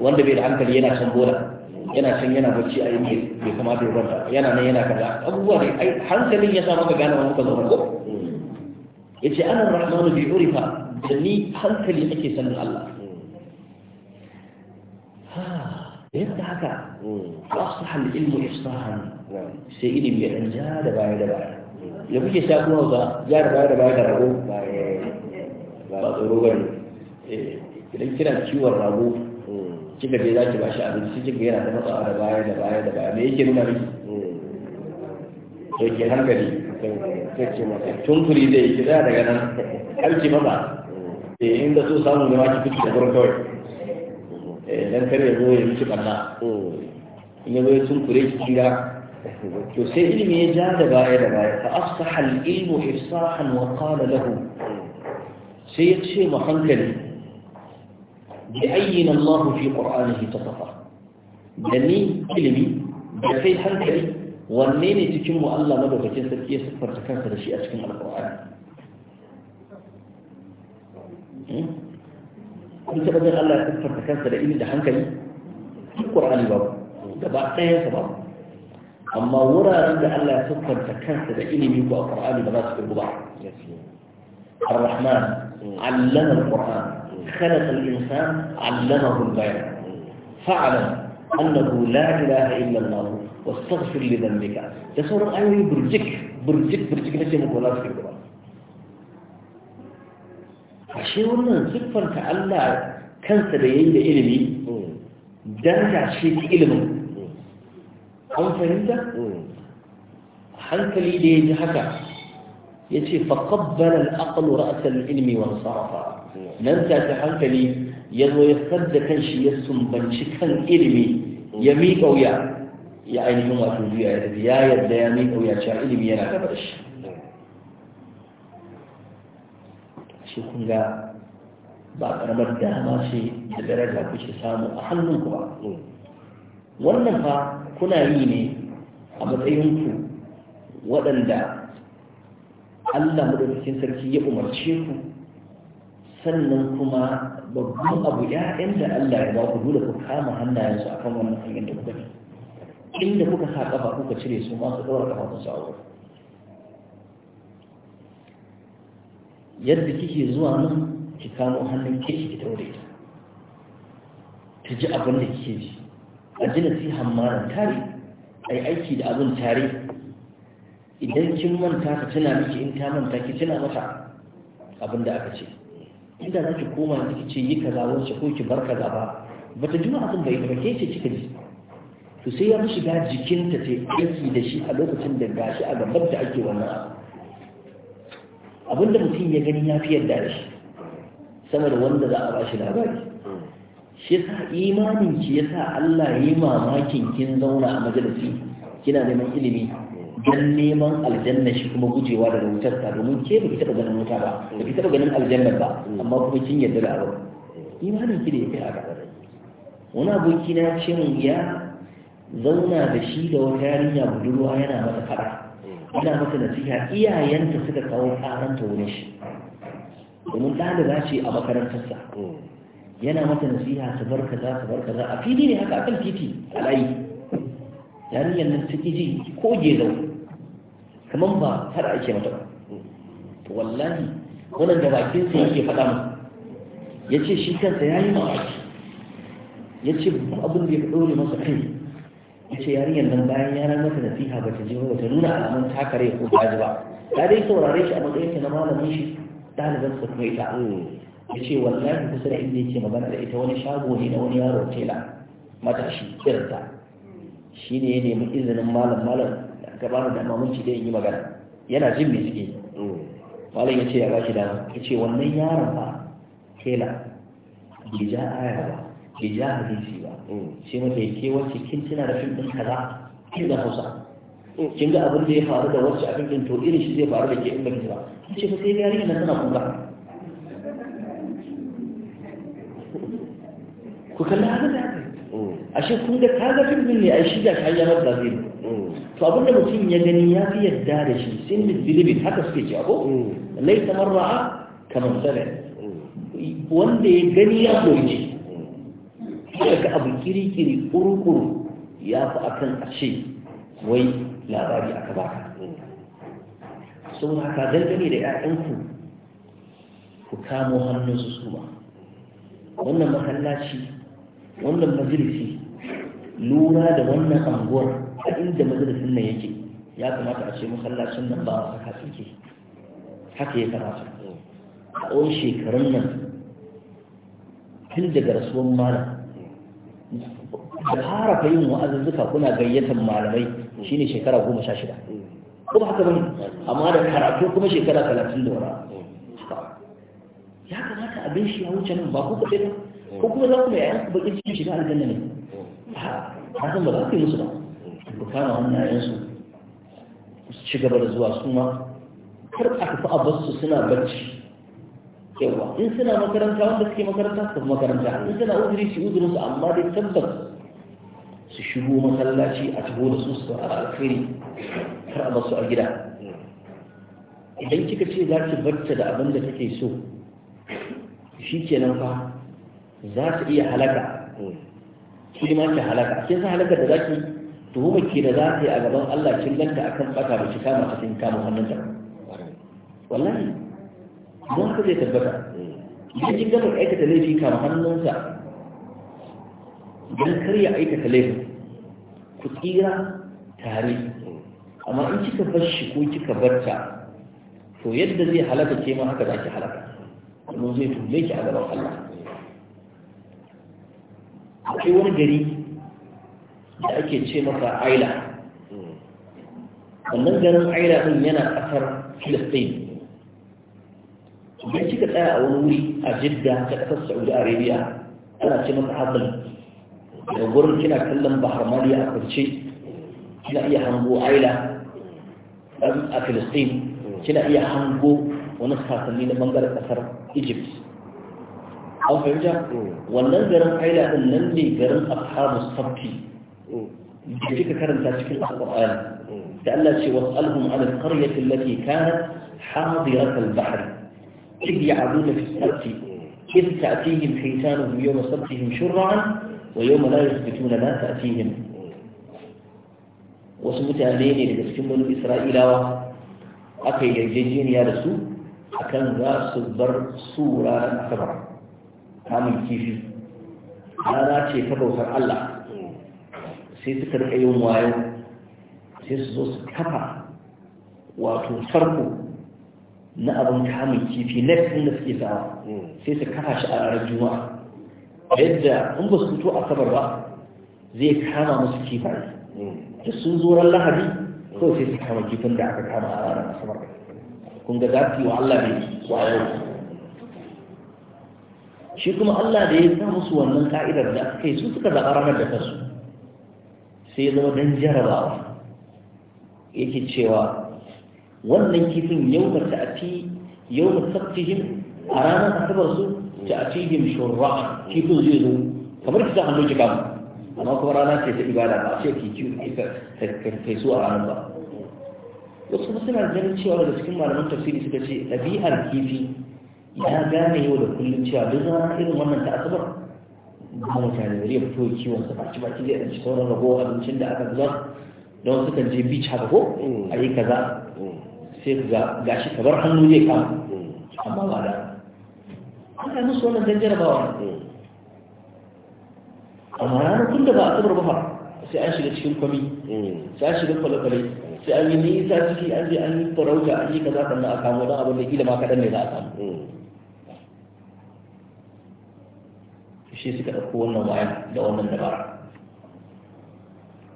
wanda bai da hankali yana can bola yana can yana bacci a inda bai kamata ya kwanta yana nan yana kaza abubuwa hankalin ya sa maka gane wani ka zauna ko ana rahmanu bi urifa da ni hankali ake sanin Allah yadda haka halin ilmu ifsahan sai ilim ya dan ja da baya da baya da kuke sha kuma ba ja da baya da baya da rago ba eh, tsoro ba ne eh, idan kira ciwon rago hmm. kika je za ki bashi abinci kika yana ta matsawa da baya da baya da baya me yake nuna miki to hmm. ke hankali tunkuri zai kira daga nan kalci maza. Hmm. eh inda so samu da ma ki fito da gurin kawai Eh, dan kar ya zo ya miki barna in ya zo ya tunkure ki kira to sai ilimi ya ja da baya da baya fa afsaha al-ilmu ifsahan wa qala lahu sai ya ce ma hankali bi ayyina Allah fi qur'anihi tatafa da ni ilimi da hankali wanne ne cikin mu Allah madaukakin sarki ya siffarta kansa da shi a cikin Alƙur'ani? Hmm? kun taɓa jin Allah ya siffanta kansa da ilimi da hankali duk Qur'ani ba gaba ɗayan sa ba amma wuraren da Allah ya siffanta kansa da ilimi ko a Qur'ani ba za su kirgu ba Ar-Rahman allama al-Qur'an khalaqa al-insan allamahu al-bayan fa'ala annahu la ilaha illa Allah واستغفر لذنبك ده سورة آية برجك برجك برجك نسي مقولات في القرآن ashe wannan siffanta Allah kansa da yayi da ilimi daraja ce ta ilimin an fahimta hankali da ya ji haka ya ce faƙabbalar aƙalu ra'asar ilimi wa sarrafa nan ta ta hankali ya ya sadda kan shi ya sumbanci kan ilimi ya miƙa wuya ya ainihin wato juya ya yarda ya miƙa wuya cewa ilimi yana gaba da shi shi kun ga ba karamar dama ce da daraja kuke samu a hannunku ba wannan fa kuna yi ne a matsayinku waɗanda Allah madaukakin sarki ya umarce ku sannan kuma babban abu ya'yan da Allah ya ba ku dole ku kama hannayensu akan wannan hanyar da kuka ne. inda kuka sa kafa kuka cire su masu ɗaura kafa ku yadda kike zuwa nan ki kamo hannun keke ki taure ta ta ji abin da kike ji a ji nasihan maran tare a yi aiki da abin tare idan kin manta ka tuna miki in ta manta ki tuna mata abin da aka ce inda za ki koma ki ce yi kaza wacce ko ki bar kaza ba bata ji abin bai ba ke ce kika ji to sai ya fi shiga jikinta ta aiki da shi a lokacin da gashi a gaban da ake wannan abu abinda mutum ya gani ya fi yadda da shi sama da wanda za a ba shi labari shi sa imanin ki sa Allah ya yi mamakin kin zauna a majalisi kina neman ilimi dan neman aljanna shi kuma gujewa da wutar ta domin ke ba ki taba ganin wuta ba ba ki taba ganin aljanna ba amma kuma kin yarda da abu imanin ki da yake haka wani aboki na ce mun ya zauna da shi da wata yarinya budurwa yana masa fara ina mata nasiha iyayenta suka kawo karanta wurin shi domin ɗaliba ce a makarantarsa yana mata nasiha su bar kaza su bar kaza a fili ne haka akan titi a layi yarinyar nan ta ji ko gezau kamar ba har ake mata ba wallahi wannan da bakin sa yake faɗa mu ce shi kansa ya yi yayi Ya ce abin da ya dore masa kai ya ce yarinyar nan bayan ya ran masa nasiha ba ta jiro ba ta nuna alamun takare ko baji ba ta dai saurare shi a matsayin ta na malamin shi ɗaliban su kuma ita ya ce wallahi kusa da inda yake magana da ita wani shago ne na wani yaro tela matashi kirta shi ne ya nemi izinin malam malam da aka bani da mamanci da yi magana yana jin me suke malam ya ce ya ba shi dama ya ce wannan yaron ba tela bai ja aya ba bai ja hadisi ba sai mata ya ke wacce kin tuna da fim ɗin kaza kin da hausa kin ga abin da ya faru da wacce abin ɗin to irin shi zai faru da ke in ba ki ba kin ce ba sai yarinya na tana kuka ku kalli haka da ashe kun ga kaga fim ɗin ne a shi da kayan rabu da zai to abin da mutum ya gani ya fi yadda da shi sin bilibin haka suke ce abu laisa marra'a kamar sanin wanda ya gani ya koyi sai ga abu kirikiri kurukuru ya fi kan a ce wai labari aka ba baka sun haka dangane da 'ya'yanku ku kamo hannunsu su ba wannan mahallaci wannan majalisi lura da wannan anguwar a inda majalisin nan yake ya kamata a ce masallacin nan ba a haka suke haka ya kamata a tsawon shekarun nan tun daga rasuwan malam da ka yin zuka kuna gayyatar malamai shine shekara goma sha shida kuma haka bane amma da karatu kuma shekara talatin da wara ya kamata abin shi ya wuce nan ba ku kaɗai ba ko kuma za ku mai yayan baƙin cikin shiga aljanna ne a san ba za ku yi musu ba ku kama hannayensu su ci gaba da zuwa su ma kar a tafi a basu suna barci. yawa in suna makaranta wanda suke makaranta su makaranta in suna uzuri su uzurin su amma dai tabbas su shigo masallaci a taho da su su a alkhairi kar a basu a gida idan kika ce za ki barta da abin da take so shi kenan fa za ta iya halaka ki ma ki halaka kin san halakar da zaki tuhuma ke da za ta yi a gaban Allah kin ganta akan bata ba ki kama ta kin kama hannunta wallahi don haka zai tabbata idan kin gama aikata laifi kan hannunsa don kar ya aikata laifin ku tsira tare amma in kika bar shi ko kika ta, to yadda zai halaka ke ma haka za ki halaka kuma zai tulle ki a gaban Allah akwai wani gari da ake ce maka aila wannan garin aila din yana kasar filistin idan kika tsaya a wani wuri a jidda ta ƙasar saudi arabia ana ce masa hasan da gurin kina kallon bahar maliya a kwance kina iya hango aila a filistin kina iya hango wani sasanni na bangaren ƙasar egypt an fahimta wannan garin aila ɗin nan ne garin ashabu sabti da kika karanta cikin alƙur'ani da Allah ce wasu alhum ala qaryati allati kanat hadirat al-bahr إذ يعدون في السبت إذ تأتيهم حيتانهم يوم سبتهم شرعا ويوم لا يثبتون لا تأتيهم وسمت أمين لتسكن بنو إسرائيل aka yi yarjejeniya da su a kan za su bar su ranar asabar kamun kifi rana ce ta bautar Allah sai suka rika yin wayo sai su zo su kafa wato farko na abin kamun kifi na ɗin da suke sa'a hmm. sai su kafa shi a ranar juma'a yadda in ba su fito a sabar ba zai kama musu kifaye hmm. da sun zo ran lahadi kawai sai su kama kifin da aka kama a ranar asabar kun ga za su yi wa Allah ne wayo shi kuma Allah da ya sa musu wannan ka'idar da aka yi su suka zaɓa ranar da kansu sai ya zama don jarabawa yake cewa wannan kifin yau na ta'ati yau na tsaftihim a ranar asabar su ta'atihim shurra'a kifin zai zo kamar ki kisa hannu ki kamu amma kuma rana ce ta ibada ba a ce ki kai su a ranar ba wasu kuma suna ganin cewa daga cikin malaman tafsiri suka ce ɗabi'ar kifi ya gane yau da kullum cewa duk rana irin wannan ta asabar ba mutane bari ya fito kiwon sa baki baki zai ɗanci sauran ragowar abincin da aka zuwa don suka je beach haka ko a yi kaza mm. شيخ جاء قاعد شيء كبر حنو جيك ها ما ولا أنا نص ولا دجر بوا أما أنا كل ده أعتبر بحر سأشيل شيل كمي سأشيل كل كلي سأبني سأشيل أني أني بروجا أني كذا كنا أكامو ده أبو نجيل ما كذا نجيل أكام شيء سكر كون نوعين دوام النبارة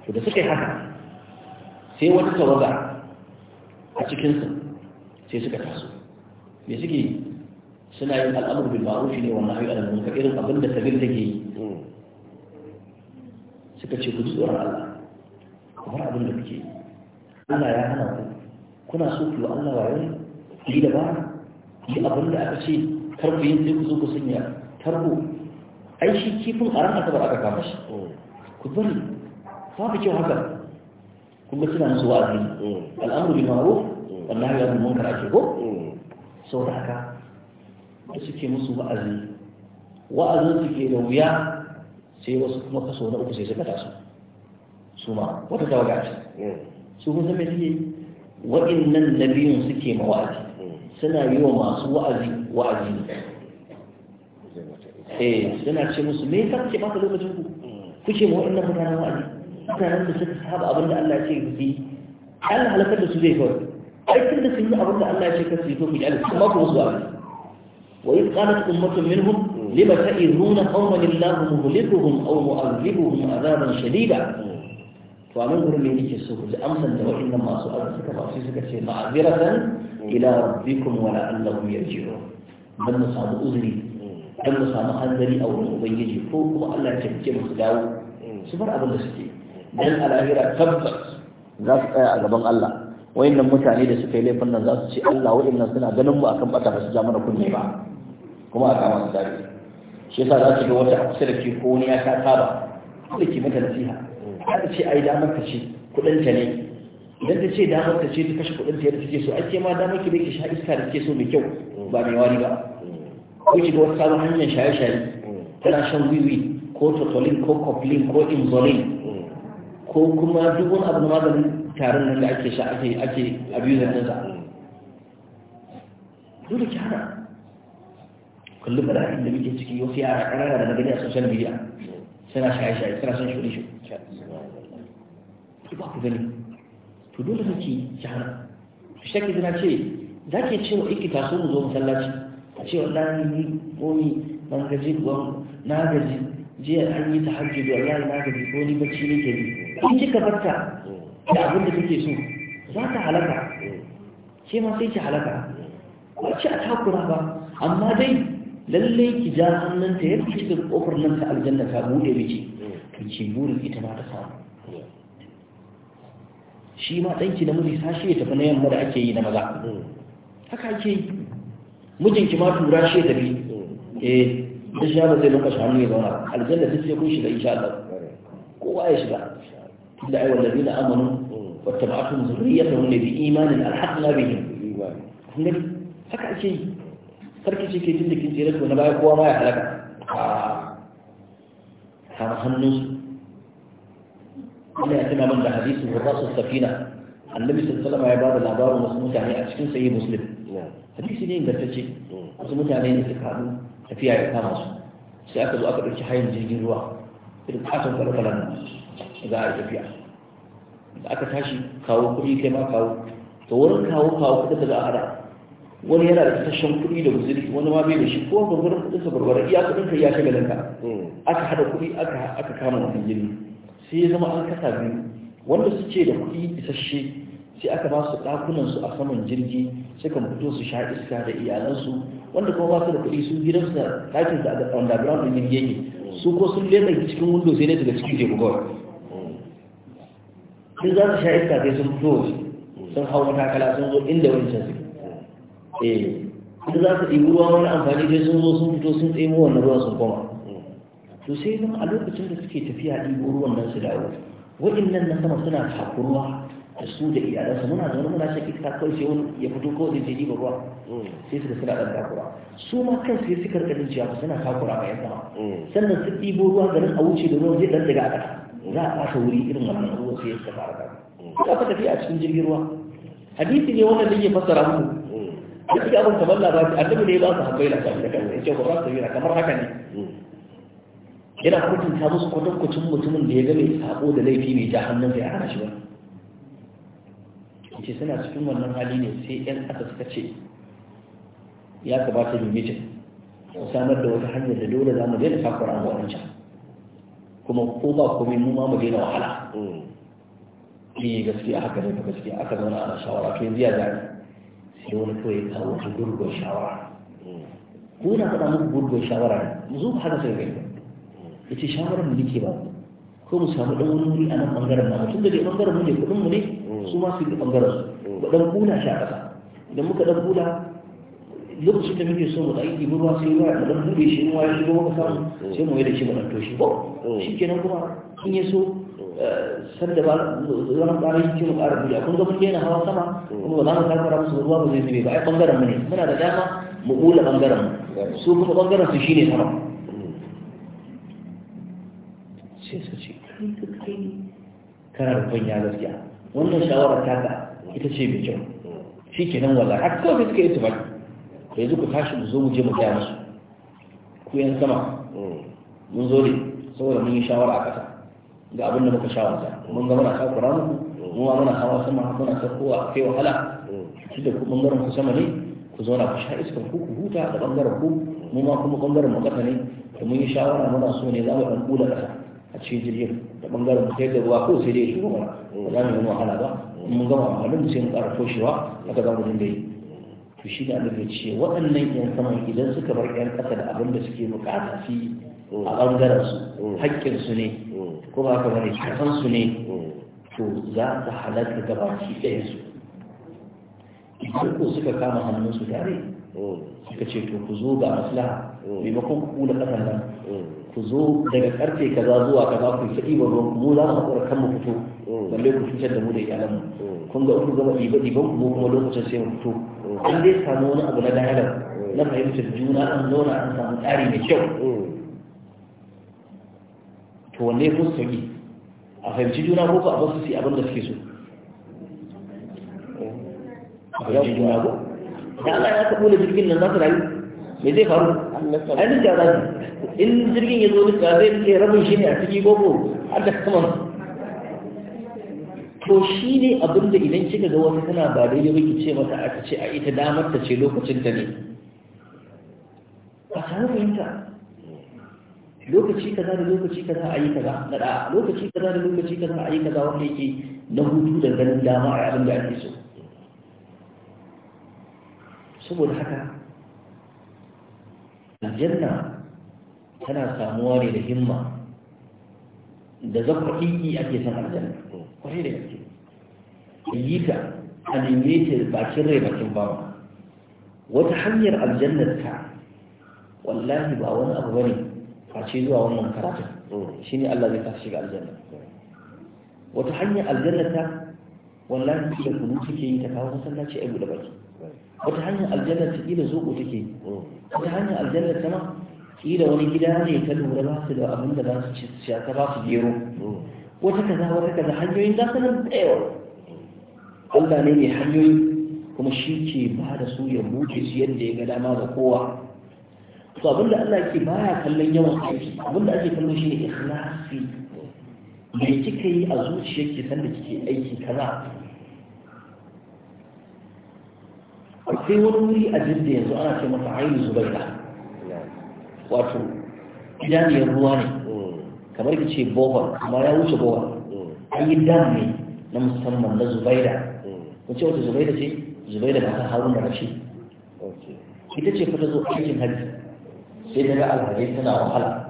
وده سكر حنا سيوت سوغا a cikinsa sai suka taso me suke suna yin al'amur bil ma'ruf ne wannan hayar al-munkar irin abin da tabir take yi hmm. suka ce ku ji tsoron Allah kamar abin da kuke Allah ya hana ku kuna so ku Allah wayo ku yi dabara yi abin da aka ce kar ku yin sai ku zo ku sanya tarko ai shi kifin a ranar ba aka kama shi hmm. ku bari babu kyau haka kuma suna musu wa'azi mm. al'amru bil ma'ruf mm. wal nahyi anil munkar ake ko mm. da haka da suke musu wa'azi wa'azin su ke da wuya sai wasu kuma kaso na uku sai suka taso su ma wata wata ce su kun san me suke wa'innan nabiyun suke ma wa'azi suna yi wa masu wa'azi wa'azi eh suna ce musu me ka kuke ba lokacin ku kuke ma wa'annan mutanen wa'azi mutanen da suka saba abin da Allah ya ce su yi Allah halakar da su zai kawai aikin da sun yi abin da Allah ya ce ka su yi to ku yi alif ku wasu abin wa yi tsarar ummatun minhum lima ta'izuna qauman illahu muhlikuhum aw mu'adhibuhum azaban shadida to a nan gurin ne yake so ku ji amsan da wa'annan masu arziki suka ba su suka ce ma'aziratan ila rabbikum wa la'allahum yarji'un dan mu samu uzuri dan mu samu hanzari a wurin ubangiji ko kuma Allah ya tabbake musu dawo su bar abin da suke dan a lahira tabbas za su tsaya a gaban Allah wayannan mutane da suka yi laifin nan za su ce Allah wayannan suna ganin mu akan bata ba su ja mana kunne ba kuma aka masu dare shi yasa za su ga wata kusa da ke ko wani ya ta saba da ke mata nasiha ta ce ai damar ka ce kudin ta ne idan ta ce damar ta ce ta kashe kudin ta yadda take so ake ma damar ki bai ke sha iska da take so mai kyau ba mai wari ba ko ki ga wata sabon hanyar shaye-shaye tana shan wiwi ko totolin ko coplin ko inzolin ko kuma duk wani abu na maganin tarin nan da ake sha ake ake da abusar nasa dole ki hana kullum bala'in da muke ciki wasu yara ƙarara da na gani a social media suna shaye-shaye suna son shuri shi ba ku gani to dole ne ki ki hana to shakki zina ce za ki ce wa iki taso mu zo masallaci a ce wa wallahi ni komi ban gaji na gaji jiya an yi tahajjud wallahi na gaji ko ni bacci nake yi in kika farka da abin da kake so za ta halaka ke ma sai ki halaka ba ci a takura ba amma dai lallai ki ja hannunta yadda kika kofar nan ta aljanna ta bude miki to ce burin ita ma ta samu shi ma ɗanki na miji sashi ya tafi na yamma da ake yi na maza haka ake yi mijinki ma tura shi ya tafi eh da shi ba zai lokaci hannu ya zauna aljanna duk sai kun shiga insha Allah kowa ya shiga tunda ai wallahi na amanu wattaba'atuhum zurriyyatuhum bi imanin alhaqna bihim kun gani haka ake yi sarki ce ke jin da kinje rasu na baya kowa ma ya halaka a hannun Allah ya tuna min da hadisin rasul safina annabi sallallahu alaihi ya bada labarin wasu mutane a cikin sahih muslim hadisi ne ingantacce wasu mutane ne suka haɗu tafiya ya kama su sai aka zo aka ɗauki hayan jirgin ruwa irin katon kwalkwalan nan za a tafiya da aka tashi kawo kuɗi kai ma kawo to wurin kawo kawo kuɗi da za wani yana da tasashen kuɗi da guzuri wani ma bai da shi ko gwagwarin kuɗin sa gwagwarin iya kuɗin ka ya shiga lanka hmm. aka haɗa kuɗi aka kama wannan jirgin sai ya zama an kasa biyu wanda suke da kuɗi isasshe sai aka ba su ɗakunan su a saman jirgi sukan fito su sha iska da iyalansu wanda kuma ba su da kuɗi su gidansu da ɗakin su a underground ɗin yanki su ko sun leta cikin window sai ne daga cikin jebu kawai sun za su sha iska sai sun fito sun hau matakala sun zo inda wancan su eh sun za su ɗibi ruwa wani amfani sai sun zo sun fito sun tsemo wannan ruwan sun koma to sai nan a lokacin da suke tafiya ɗibo ruwan nan su dawo waɗannan na sama suna takuruwa da su da iyalansu muna zaune muna shan ta kai shi wani ya fito ko mm. da jini ba ruwa sai suka suna ɗan takura su ma kan sai suka rika jin ba suna takura ba yan sama mm. sannan su ɗibo ruwa garin a wuce da ruwan zai ɗan daga a za a ɓata wuri irin wannan ruwan sai suka fara ɗan mm. suka fa tafiya a cikin jirgin ruwa hadisi ne wannan da ke fassara muku da suke abin kamar labari annabi ne ba su haɓɓai labari da kan ce ko ba su yana kamar haka ne yana kwatanta musu kwatankwacin mutumin da ya ga mai sabo da laifi mai ja hannun sai ana shi ba ce suna cikin wannan hali ne sai yan aka suka ce ya kamata mu mijin mu samar da wata hanyar da dole za mu daina takura mu wancan kuma ko ba komai mu ma mu daina wahala ni gaskiya haka ne gaskiya aka zauna ana shawara to yanzu ya gani sai wani kawai ya kawo wata gurgun shawara ko na faɗa muku gurgun shawara ne mu zo ku haka sai gani ya ce shawarar mu nike ba ku ko mu samu ɗan wani wuri a nan ɓangaren na tun da dai ɓangaren mu ne kuɗin mu ne mm. su ma su yi ɓangaren ba ɗan bula shi a ƙasa idan muka ɗan bula lokacin da muke so mu ɗan yi ruwa sai ruwa da ɗan buɗe shi ruwa ya shigo muka samu mm. sai mu yi da shi mu ɗan toshi ba mm. shi kenan kuma in ya so eh, sanda ba zan ƙara yi ce mu ƙara buɗe kun ga muke yana hawa sama kuma ba za mu takara musu ruwa ba zai zube ba ai ɓangaren mu ne muna da dama mu bula ɓangaren mu su kuma ɓangaren su shine sama sai su ce ka kai kana da kunya gaskiya wannan shawarar ta ta ita ce mai kyau shi ke nan wala haka kawai suka yi su baki yanzu ku tashi mu zo mu je mu gaya musu ku yan sama mun zo ne saboda mun yi shawara a ƙasa ga abin da muka ta. mun ga muna sa ƙuramu mu ma muna hawa sama muna sarkowa kai wahala shi da ku ɓangaren ku sama ne ku zauna ku sha iskar ku ku huta da ɓangaren ku mu ma kuma ɓangaren mu ƙasa ne da mun yi shawara muna so ne za mu ɗan ƙula ƙasa a cikin jirgin da bangaren mutai da ruwa ko sai dai shi kuma ba za mu yi wahala ba mun gama amfani mu sai mu ƙara toshewa haka za mu dinga yi to shi da abin ce waɗannan yan saman idan suka bar yan ƙasa da abin da suke buƙata fi a bangaren su haƙƙin su ne ko ba ka bane kasan su ne to za ta halatta gabaki ɗaya su idan ko suka kama hannun su tare suka ce to ku zo ga maslaha maimakon ku kula ƙasan nan ku zo daga karfe kaza zuwa kaza ku ta ɗiba ruwan mu za mu haƙura kan mu fito mm. balle ku fitar da mu da iyalanmu mm. kun ga ku gama ɗiba ɗiban mu kuma lokacin sai mu fito mm. an dai samu wani abu na dahalar na fahimtar juna an zauna an samu tsari mai kyau to wanne ku sauki a fahimci juna ko a basu su abin da suke so a fahimci juna ko da Allah ya kaɓo da jirgin nan za su rayu me zai faru a in jirgin ya zo duka zai rike rabin shi ne a ciki gogo har da sama to shi ne abin da idan kika ga wata tana ba daidai ba ki ce mata a ce a ita damar ta ce lokacin ta ne a samu fahimta lokaci kaza da lokaci kaza a yi kaza na da lokaci kaza da lokaci kaza a yi kaza wanda yake na hutu da ganin dama a abin da ake so saboda haka aljanna tana samuwa ne da himma da zafafi ake san aljanna kwarai da yake yi ta a bakin rai bakin bawa wata hanyar aljannar ta wallahi ba wani abu bane face zuwa wannan karatu. shine Allah zai tashi shiga aljanna wata hanyar aljannar ta wallahi da kunu suke yi ta kawo masallaci a buɗe baki wata hanyar aljanna ta kila zuku take wata hanyar aljanna ta ma ƙila wani gida ne ta lura ba su da abin da ba su ci ba su gero wata kaza wata kaza hanyoyin za su nan tsayawa Allah ne mai hanyoyi kuma shi ke ba da su ya buke su yadda ya ga dama ga kowa to abinda Allah ke baya kallon yawan aiki abinda ake kallon shi ne ikhlasi me kika yi a san da kike aiki kaza akwai wani wuri a jirgin yanzu ana ce masa ainihin zubaida wato idaniyar ruwa ne kamar ka ce bohol amma ya wuce bohol an yi dam ne na musamman na zubaida kun ce wata zubaida ce zubaida ba ta harun da rashi ita ce fata zo aikin hajji sai daga alhaji tana wahala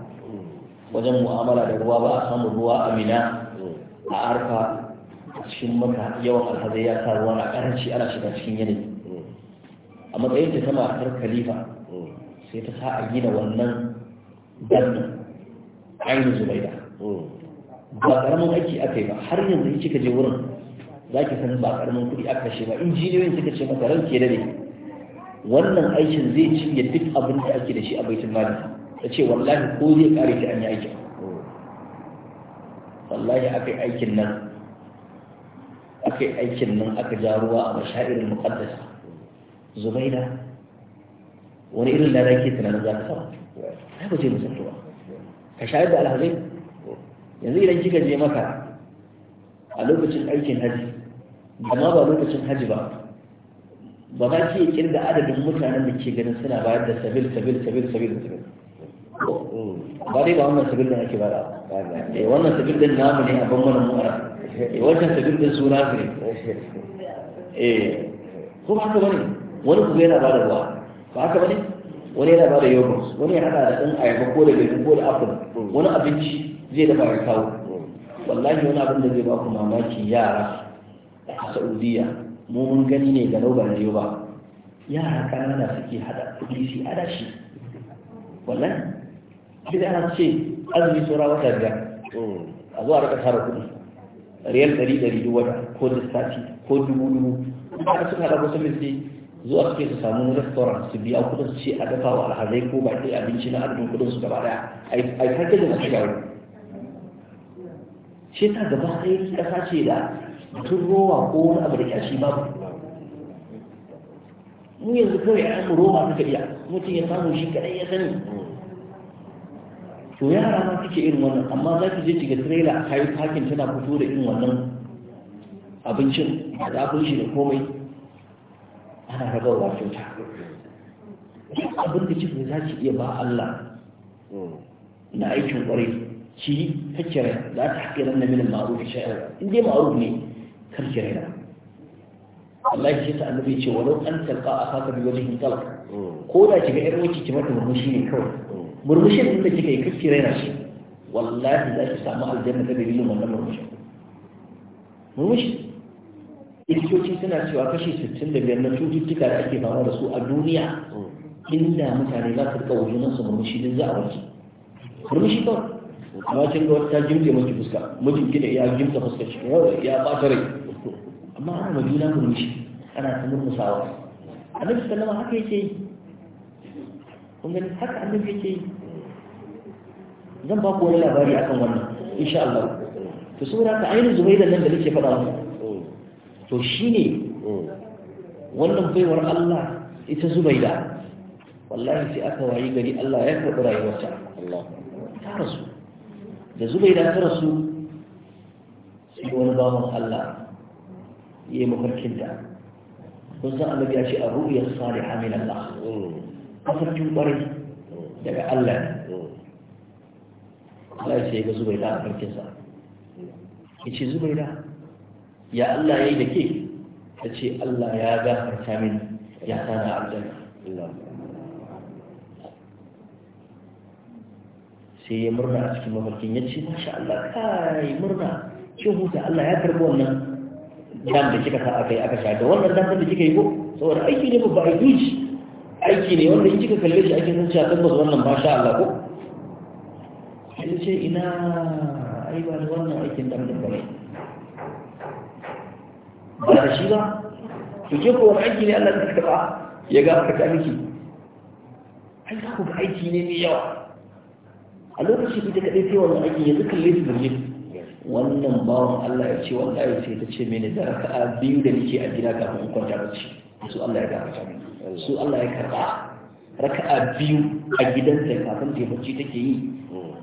wajen mu'amala da ruwa ba a samu ruwa a mina a arfa a cikin maka yawan alhaji ya sa ruwa na karanci ana shiga cikin yanayi a matsayin ta sama khalifa sai ta sa a gina wannan dan ainihin zubaida ba karamin aiki aka yi ba har yanzu in kika je wurin za ki san ba karamin kuɗi aka kashe ba injiniyoyin suka ce maka ranke da ne wannan aikin zai cinye duk abin da ake da shi a baitul mali ta ce wallahi ko zai kare ta an yi aikin wallahi aka yi aikin nan aka yi aikin nan aka ja ruwa a mashairin muqaddasa zubaida wani irin da ke tunanin za ka sama ai ba ce musamman ba ka shayar da alhazai yanzu idan kika je maka a lokacin aikin haji amma ba lokacin haji ba ba za ki kirga adadin mutanen da ke ganin suna bayar da sabil sabil sabil sabil sabil ba dai ba wannan sabil da ake bada eh wannan sabil din namu ne a bangaren mu eh wannan sabil din suna ne eh ko ba haka bane wani kuma yana ba da ruwa ba haka ne? wani yana ba da yogurt wani yana da ɗan ayaba ko da lemu ko da apple wani abinci zai dafa ya kawo wallahi wani abin da zai ba ku mamaki yara a saudiya mu mun gani ne ga nau'ar da ba yara ƙanana suke haɗa kuɗi su hada shi wallahi sai ana ce azumi saura wata biyar a zuwa raka tara kuɗi riyal ɗari ɗari duk wata ko da sati ko dubu dubu da suka hada wasu mai zuwa kai su samu restaurant su biya kudin su ce a dafa wa alhazai ko baki abinci na adadin kudin su gaba daya a yi kanta da masu gawo ce ta gaba ɗaya kasa ce da mutum rowa ko wani abu da kyashi babu mu yanzu kawai a mu roma suka iya mutum ya samu shi kaɗai ya sani to yara ma suke irin wannan amma za ki je ki trailer a kayan fakin tana fito da irin wannan abincin da abin shi da komai tana ta gaura cuta duk abin da cikin za ki iya ba Allah na aikin kwarai ki kakkira za ta hakiran na minin ma'aruf shayar in dai ma'aruf ne kakkira na Allah ya ta annabi ce walau an talqa akaka bi wajhin talq ko da kiga yar wacce ki mata murmushi ne kawai murmushin da kika yi kakkira na shi wallahi za ki samu aljanna ta dalilin wannan murmushin murmushi likitoci suna cewa kashi 65 na cututtuka da ake fama da su a duniya inda mutane za su rika wajen su murmushi din za a warke murmushi kawai amma kin ga ta jimje miki fuska mijin gida ya jimta fuska shi ya ɓata rai amma ana juna murmushi ana ta murmusawa annabi sallama haka yake kun gani haka annabi yake zan ba ku wani labari akan wannan insha Allah to saboda ka ainihin da nan da nake faɗa muku to shi ne wannan baiwar Allah ita Zubaida wallahi sai aka wayi gari Allah ya karɓi rayuwarta Allah ta rasu da Zubaida ta rasu sai wani bawan Allah ya yi mafarkinta kun san annabi ya ce a ru'yar salihah min Allah mafarkin ƙwarai daga Allah Allah ya ce ga Zubaida a farkinsa ya ce Zubaida ya Allah ya yi da ke ta ce Allah ya gafarta min ya sana aljanna sai ya murna a cikin mafarkin ya ce masha Allah kai murna ke huta Allah ya karbi wannan dam da kika sa'a aka yi aka sha da wannan dam da kika yi ko saboda aiki ne babba aiki ne aiki ne wanda in kika kalle shi ake san cewa tabbas wannan ba sha Allah ko sai ce ina ai ba wannan aikin dam da bane ba da shi ba to je ko aiki ne Allah ta karɓa ya gafarta miki ai za ku ga aiki ne mai yawa a lokaci ku ta kaɗai sai wani aiki yanzu kalle su da wannan bawan Allah ya ce wallahi sai ta ce mene da a biyu da nake a gida kafin in kwanta bacci su Allah ya gafarta mini su Allah ya karɓa raka'a biyu a gidan ta, kafin ta bacci take yi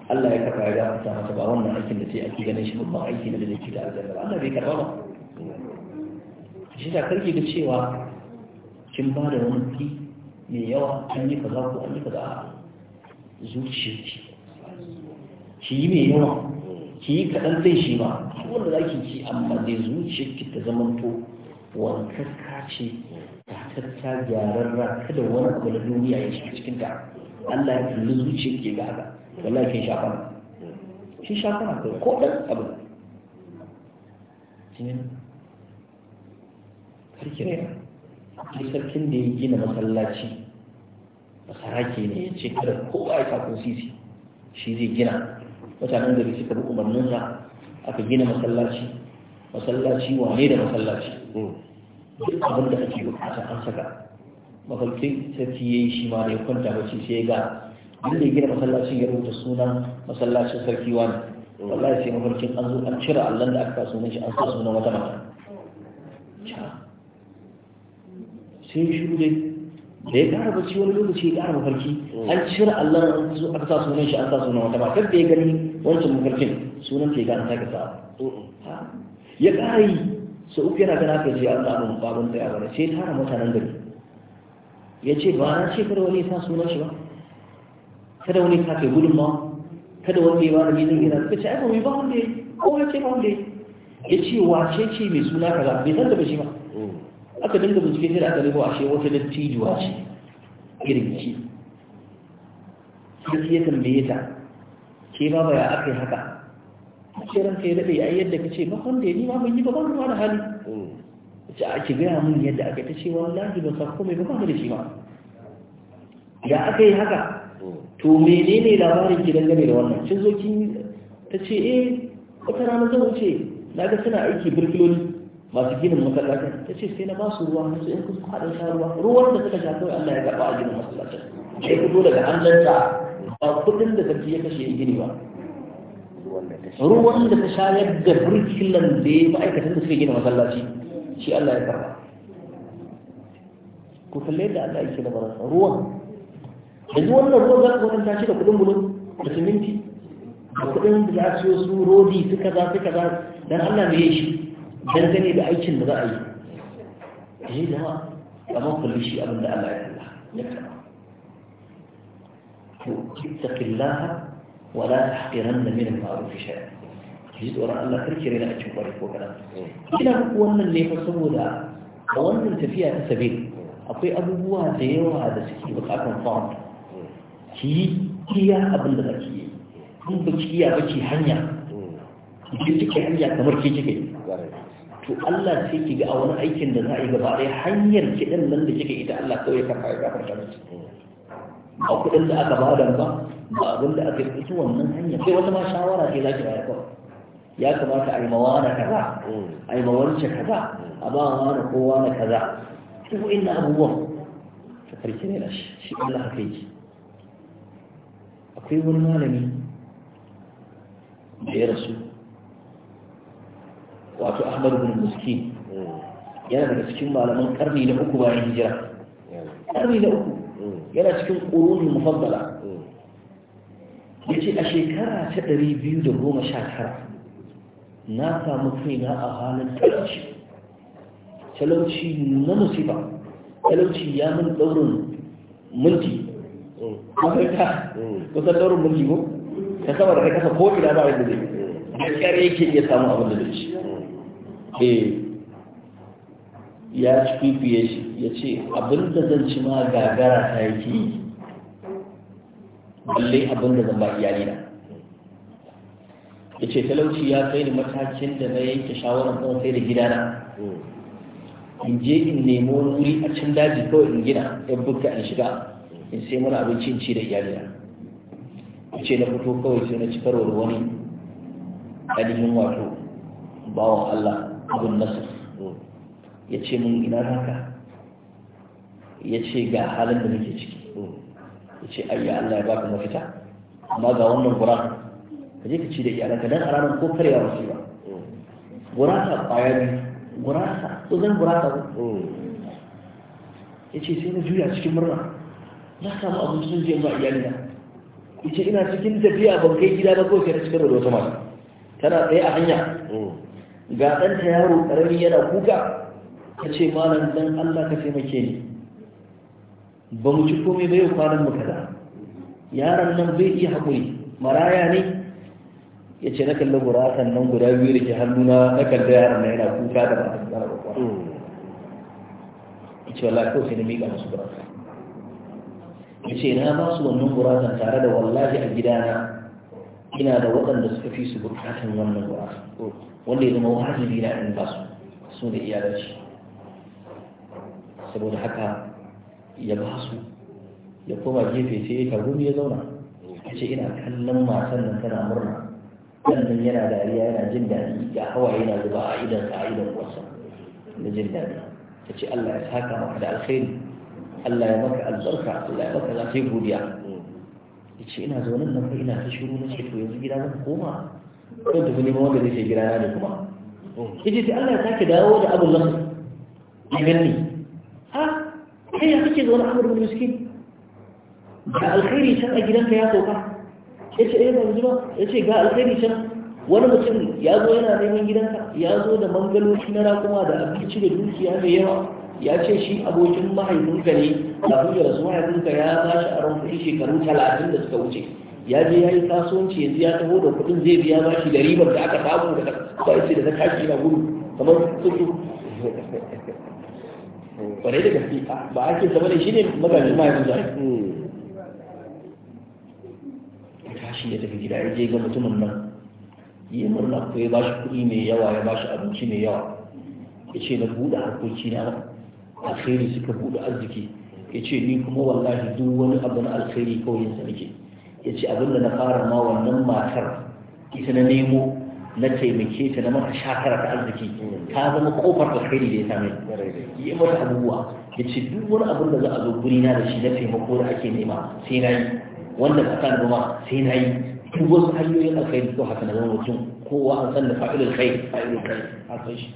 Allah ya karɓa ya gafarta mata ba wannan aikin da sai ake ganin shi babban aiki na da nake da aljanna Allah bai karɓa ba shi da karki da cewa kin ba da wani fi mai yawa an yi kaza ko an yi kaza a zuciyarki ki yi mai yawa ki yi kaɗan zai shi ba wanda za ki ci amma dai zuciyarki ta zamanto wankakka ce gyaran raka da wani abu da duniya ya shi cikin ta Allah ya kalli zuciyar ke ga haka wallahi kin shafa kin shafa ko dan abu shike ne sarkin da ya gina masallaci masarake ne ya ce kada kowa ya kafin sisi shi zai gina mutanen gari suka bi umarninsa aka gina masallaci masallaci wane da masallaci hmm. duk abin da ake bukata an saka mafarkin sarki ya yi shi ma da ya kwanta bacci sai ya ga inda ya gina masallacin ya rubuta suna masallacin sarki wani wallahi sai mafarkin an zo an cire allon da aka kasu shi an sa sunan wata mata sai shi dai da ya ƙara bacci wani lokaci ya ƙara mafarki an cire Allah aka sa sunan shi an sa sunan wata ba da ya gani wancan mafarkin sunan ta ya gane sake sa ya ƙara yi sau uku yana gana ka ce an sa abin babin tsaya bane sai tara mutanen gari ya ce ba na ce kada wani ya sa sunan shi ba kada wani ya sa kai gudunmawa kada wani ya bada gidan gina suka ce ai ba wani ba wanda ya ko ya ce ba wanda ya ce wace ce mai suna kaza bai san da ba shi ba aka dinga bincike sai da aka rubo ashe wata dattijuwa ce girgici sai ya tambaye ta ke ba ba ya aka yi haka ce ran ya daɗe ai yadda ka ce ba wanda ya ma ban yi ba ban ruwa da hali ce a ki gaya mun yadda aka ta ce wallahi ba sako mai ba ba da shi ba ya aka yi haka to menene labarin ki dangane da wannan kin zo kin ta ce eh wata rana zan wuce na ga suna aiki birkiloli masu ginin masallacin ta ce sai na ba su ruwa masu yankun kusa haɗin sha ruwa ruwan da suka sha kawai Allah ya karɓa a ginin masallacin sai fito daga hannunta ba kuɗin da sarki ya kashe yin gini ba ruwan da ta sha yadda burkilan da ya ma'aikatan da suka gina masallaci shi Allah ya karɓa ku kalle da Allah yake da barasa ruwan yanzu wannan ruwan za ku wannan tashi da kuɗin bulu da siminti da kuɗin da za su yi su rodi suka za suka za dan Allah ne ya shi dangane da aikin da za a yi eh da amma kullu shi abin da Allah ya kalla ya kalla to ittaqillaha wa la da min al-ma'ruf shay'a ji tsoron Allah karki rena a cikin kwarai ko kana ina muku wannan ne fa saboda a wannan tafiya ta sabil akwai abubuwa da yawa da suke bukatan fa'am ki yi iya abin da zaki yi in ba kiya iya ba ki hanya ki kike hanya kamar ki kike to Allah sai ki ga a wani aikin da za a yi gaba ɗaya hanyar kiɗan nan da kika ita Allah kawai ka fara ta miki ba kuɗin da aka bada ba ba abin da aka yi wannan hanya sai wata ma shawara ce za ki bayar kawai ya kamata a yi mawana kaza a yi mawance kaza a ba na kowa na kaza duk inda abubuwan ta karki ne shi shi Allah ka yi akwai wani malami da ya rasu wato ahmad bin Muski. yana daga cikin malaman karni na uku bayan hijira karni na uku yana cikin ƙorunin mufaddala ya ce a shekara ta ɗari biyu da goma sha tara na samu kaina a halin talauci talauci na musiba talauci ya min ɗaurin mulki mafarka kusan ɗaurin mulki ko ta sama da ta kasa ko ina ba yadda zai da kyar yake iya samun abin da zai eh ya ci fifiye shi ya ce abinda zan ci ma gagara ta yake yi balle abinda zan ba iyali na ya ce talauci ya kai da matakin da na yanke shawarar kuma sai da gidana in je in nemo wuri a can daji kawai in gina in buka in shiga in sai mana abincin ci da iyali na ya ce na fito kawai sai na ci karo da wani ƙalimin wato bawan Allah abin nasir ya ce mun ina haka ya ce ga halin da nake ciki ya ce ayya Allah ya baka mafita amma ga wannan gurata ka je ka ci da iyalanka dan a ranar ko karya wasu ba gurata kwaya ko zan tsozon ba ya ce sai na juya cikin murna na samu abin sun je ba iyalina ya ce ina cikin tafiya ban kai gida ba kawai cikin da wata mata tana tsaye a hanya ga ɗanta yaro ƙarami yana kuka Ka ce malam dan Allah ka taimake ni ba mu ci komai bai kwanan mu kaza yaron nan bai iya hakuri. maraya ne ya ce na kalli gurasan nan guda biyu da ke hannuna na kalli yaron nan yana kuka da ba a tsara ba kwa ya ce wallahi kawai sai na miƙa musu gurasa ya ce na ba su wannan gurasan tare da wallahi a gidana ina da waɗanda suka fi su bukatan wannan du'a wanda ya zama wajibi na in ba su su da iyalanci saboda haka ya ba su ya koma gefe sai ya karbi ya zauna a ce ina kallon matan nan tana murna wannan yana dariya yana jin daɗi ga hawa yana zuba a idan a idan wasa na jin daɗi ta ce Allah ya saka maka da alkhairi Allah ya maka albarka Allah ya maka zafi godiya ya ce ina zaune nan kai ina ta shiru na ce to yanzu gida zan koma ko tafi neman wanda zai ce gida na ne kuma ya ce sai Allah ya sake dawo da abin nan ya ganni ha kai ya kake zaune a wurin miski ga alkhairi can a gidanka ya sauka ya ce ɗaya eh, ba mu ba ya ce ga alkhairi can wani mutum ya zo yana neman gidanka ya zo da mangaloci na rakuma da abinci da dukiya mai yawa ya ce shi abokin mahaifinka ne da hujjar su mahaifinka ya ba shi aron kuɗi shekaru talatin da suka wuce ya je ya yi kasuwanci yanzu ya taho da kuɗin zai biya ba shi da ribar da aka samu da ta ce da ta kashi na gudu kamar tutu kwarai da gaske ba ake sama da shi ne magajin mahaifin zai tashi ya tafi gida ya je ga mutumin nan yi murna ko ya ba shi kuɗi mai yawa ya ba shi abinci mai yawa ya ce na buɗe harkoki na alkhairi suka buɗe arziki ya ce ni kuma wallahi duk wani abu na alkhairi kawai yin sarki ya ce abinda na fara ma wannan matar ita na nemo na taimake ta na mata shakara ta arziki ta zama kofar alkhairi da ya same yi mata abubuwa ya ce duk wani abinda da za a zo guri na da shi na taimako da ake nema sai na yi wanda ba san ma sai na yi duk wasu hanyoyin alkhairi ko haka na zama mutum kowa an san da fa'ilul khair fa'ilul khair a kai shi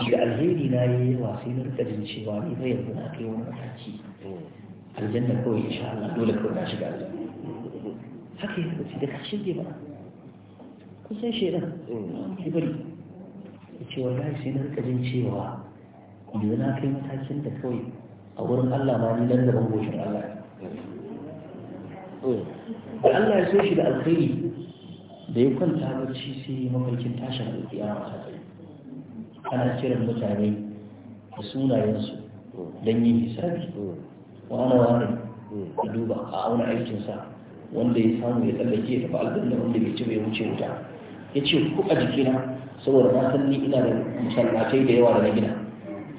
da alheri na yi yawa sai na rika jin cewa ni fa yanzu na kai wani mataki aljanna kawai sha Allah dole kawai na shiga aljanna haka yi kusi da kashin ke ba kun san ya bari da cewa ya sai na rika jin cewa yanzu na kai matakin da kawai a wurin Allah ma ni nan gaban goshin Allah da Allah ya so shi da alheri da ya kwanta barci sai mafarkin tashin alƙiyama ta tsaye ana kiran mutane da sunayensu don yin hisabi wani wani a duba a auna aikinsa wanda ya samu ya tsallake ya tafi da wanda bai ci bai wuce wuta ya ce ku a jikina saboda na san ni ina da musallatai da yawa da na gina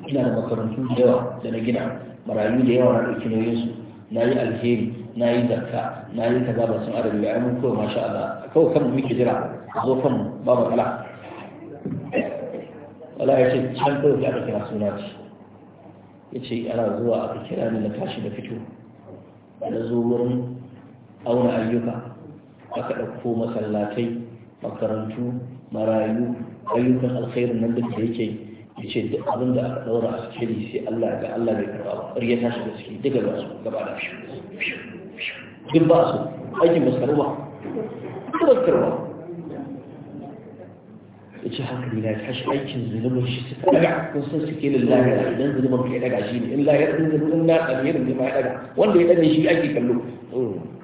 ina da makarantu da yawa da na gina marayu da yawa na ɗauki nauyinsu na yi alheri na yi zakka na yi kaza ba sun arabi ya yi mun kawai masha Allah kawai kan muke jira zo kan babu matsala wala ya ce can kawai da aka kira suna ce ya ce ana zuwa aka kira ni na tashi da fito na zo wurin auna ayyuka aka ɗauko masallatai makarantu marayu ayyukan alkhairin nan duk da yake ya ce duk abin da aka ɗaura a cikin sai Allah ga Allah bai karɓa ba ƙarya tashi da suke duka ba su gaba da fiye duk ba su aikin ba su karɓa ba ya ce hankali na tashi aikin zunubin shi su daga Kusan san suke lillahi da idan zunubin ka daga shi ne in la ya dinga zunubin na alherin ne ma ya daga wanda ya daga shi ake kallo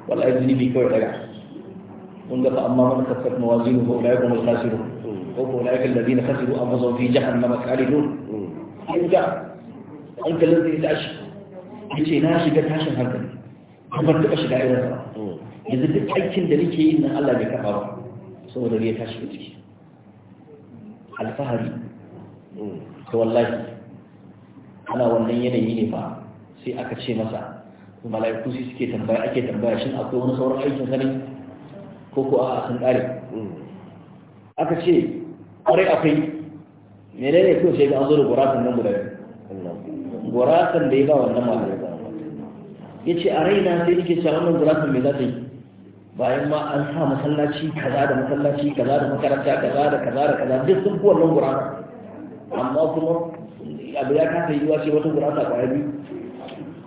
wallahi zunubi kawai daga kun ga fa amma man kasar mawazinu ba ulai kuma khasiru ko ko ulai kan ladina khasiru amma zan fi jahannama khalidun kun ga an hankalin zai tashi ya na shiga tashin hankali kuma taɓa shiga irin ba yanzu duk aikin da nake yi na Allah bai kafa ba saboda ya tashi da ciki alfahari to wallahi ana wannan yanayi ne fa sai aka ce masa mala'iku sai suke tambaya ake tambaya shin akwai wani sauran aikin sani ko ko a sun kare aka ce kwarai akwai menene ne kuma sai ga an zo da gurasan nan guda biyu gurasan da ya ba wannan mala'iku ya ce a raina sai nake cewa wannan gurasan me za ta yi bayan ma an sa masallaci kaza da masallaci kaza da makaranta kaza da kaza da kaza duk sun fi nan gurasa amma kuma abu ya kasa yiwa ce wata gurasa kwaya biyu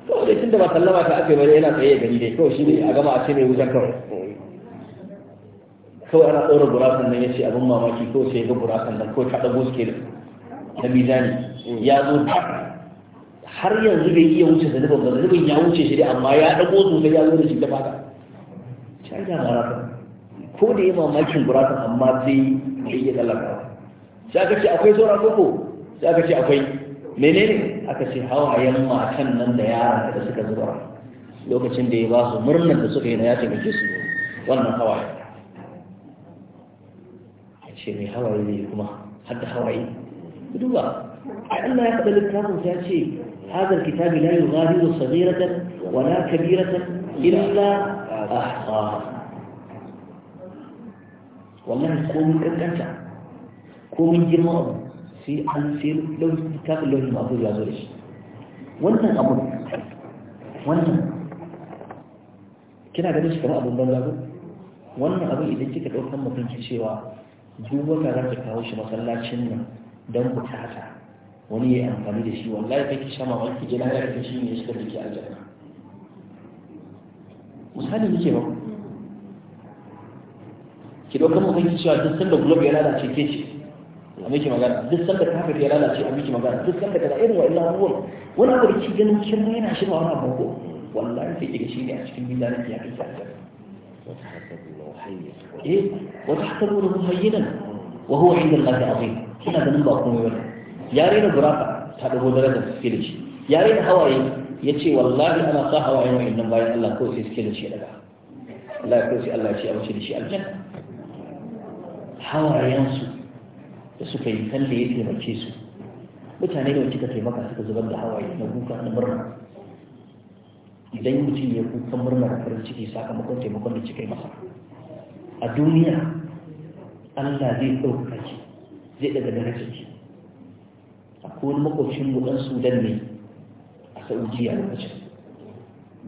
to dai tunda ba sallama ta ake bari yana tsaye ya gani dai kawai shi ne a gama a ce mai wutar kawai kawai ana ɗaura gurasan nan ya ce abin mamaki ko sai ga gurasan nan kawai ta ɗago suke na bizani ya zo har yanzu bai iya wuce zanubin ba zanubin ya wuce shi dai amma ya ɗago sosai ya zo da shi da fata sai da gurasa ko da yi mamakin gurasa amma sai ya iya tsallaka sai aka ce akwai saura koko sai aka ce akwai menene aka ce hawayen matan nan da yaran da suka zuba lokacin da ya ba su murnar da suka yi na ya taimake su wannan hawaye a ce mai hawaye ne kuma har da hawaye duba Allah ya faɗa littafin ya ce hadar kitabi la yughadiru saghiratan wala kabiratan illa ahqa wallahi komin ƙanƙanta, komin girma abu sai an sai lauyi littafin lauyi mafi ya zo da shi wannan abu wannan kina ganin shi kamar abin banza ko wannan abin idan kika ɗaukar mutum ki cewa duk wata za ta kawo shi masallacin nan don bukata wani ya amfani da shi wallahi ki kake sha ki jina ya kake shi ne shi da ke aljanna misali muke ba ki ɗaukar mafi cewa duk sanda globe ya lalace ke ce a miki magana duk sanda kafet ya lalace a miki magana duk sanda kaza irin wa illa abubuwan wani abu da ki ganin kin yana shirin wani abu ko wallahi sai kiga shi a cikin mizanin ya kai sa eh wata hasabu lahu hayyinan wa huwa inda Allah azim kina ganin ba komai wani ya rena buraka ta dago darajar da shi ya rena hawaye ya ce wallahi ana sa hawayen wa'annan bayan Allah ko sai suke da shi daga Allah ya kawai Allah ya ce a wuce da shi aljanna hawayensu da suka yi kan da ya taimake su mutane da ka taimaka suka zubar da hawaye na kuka na murna idan mutum ya kuka murna da farin ciki sakamakon taimakon da cikai masa a duniya Allah zai ɗauka ki zai daga darajar ki akwai wani makwacin mu ɗan Sudan ne saudiya lokacin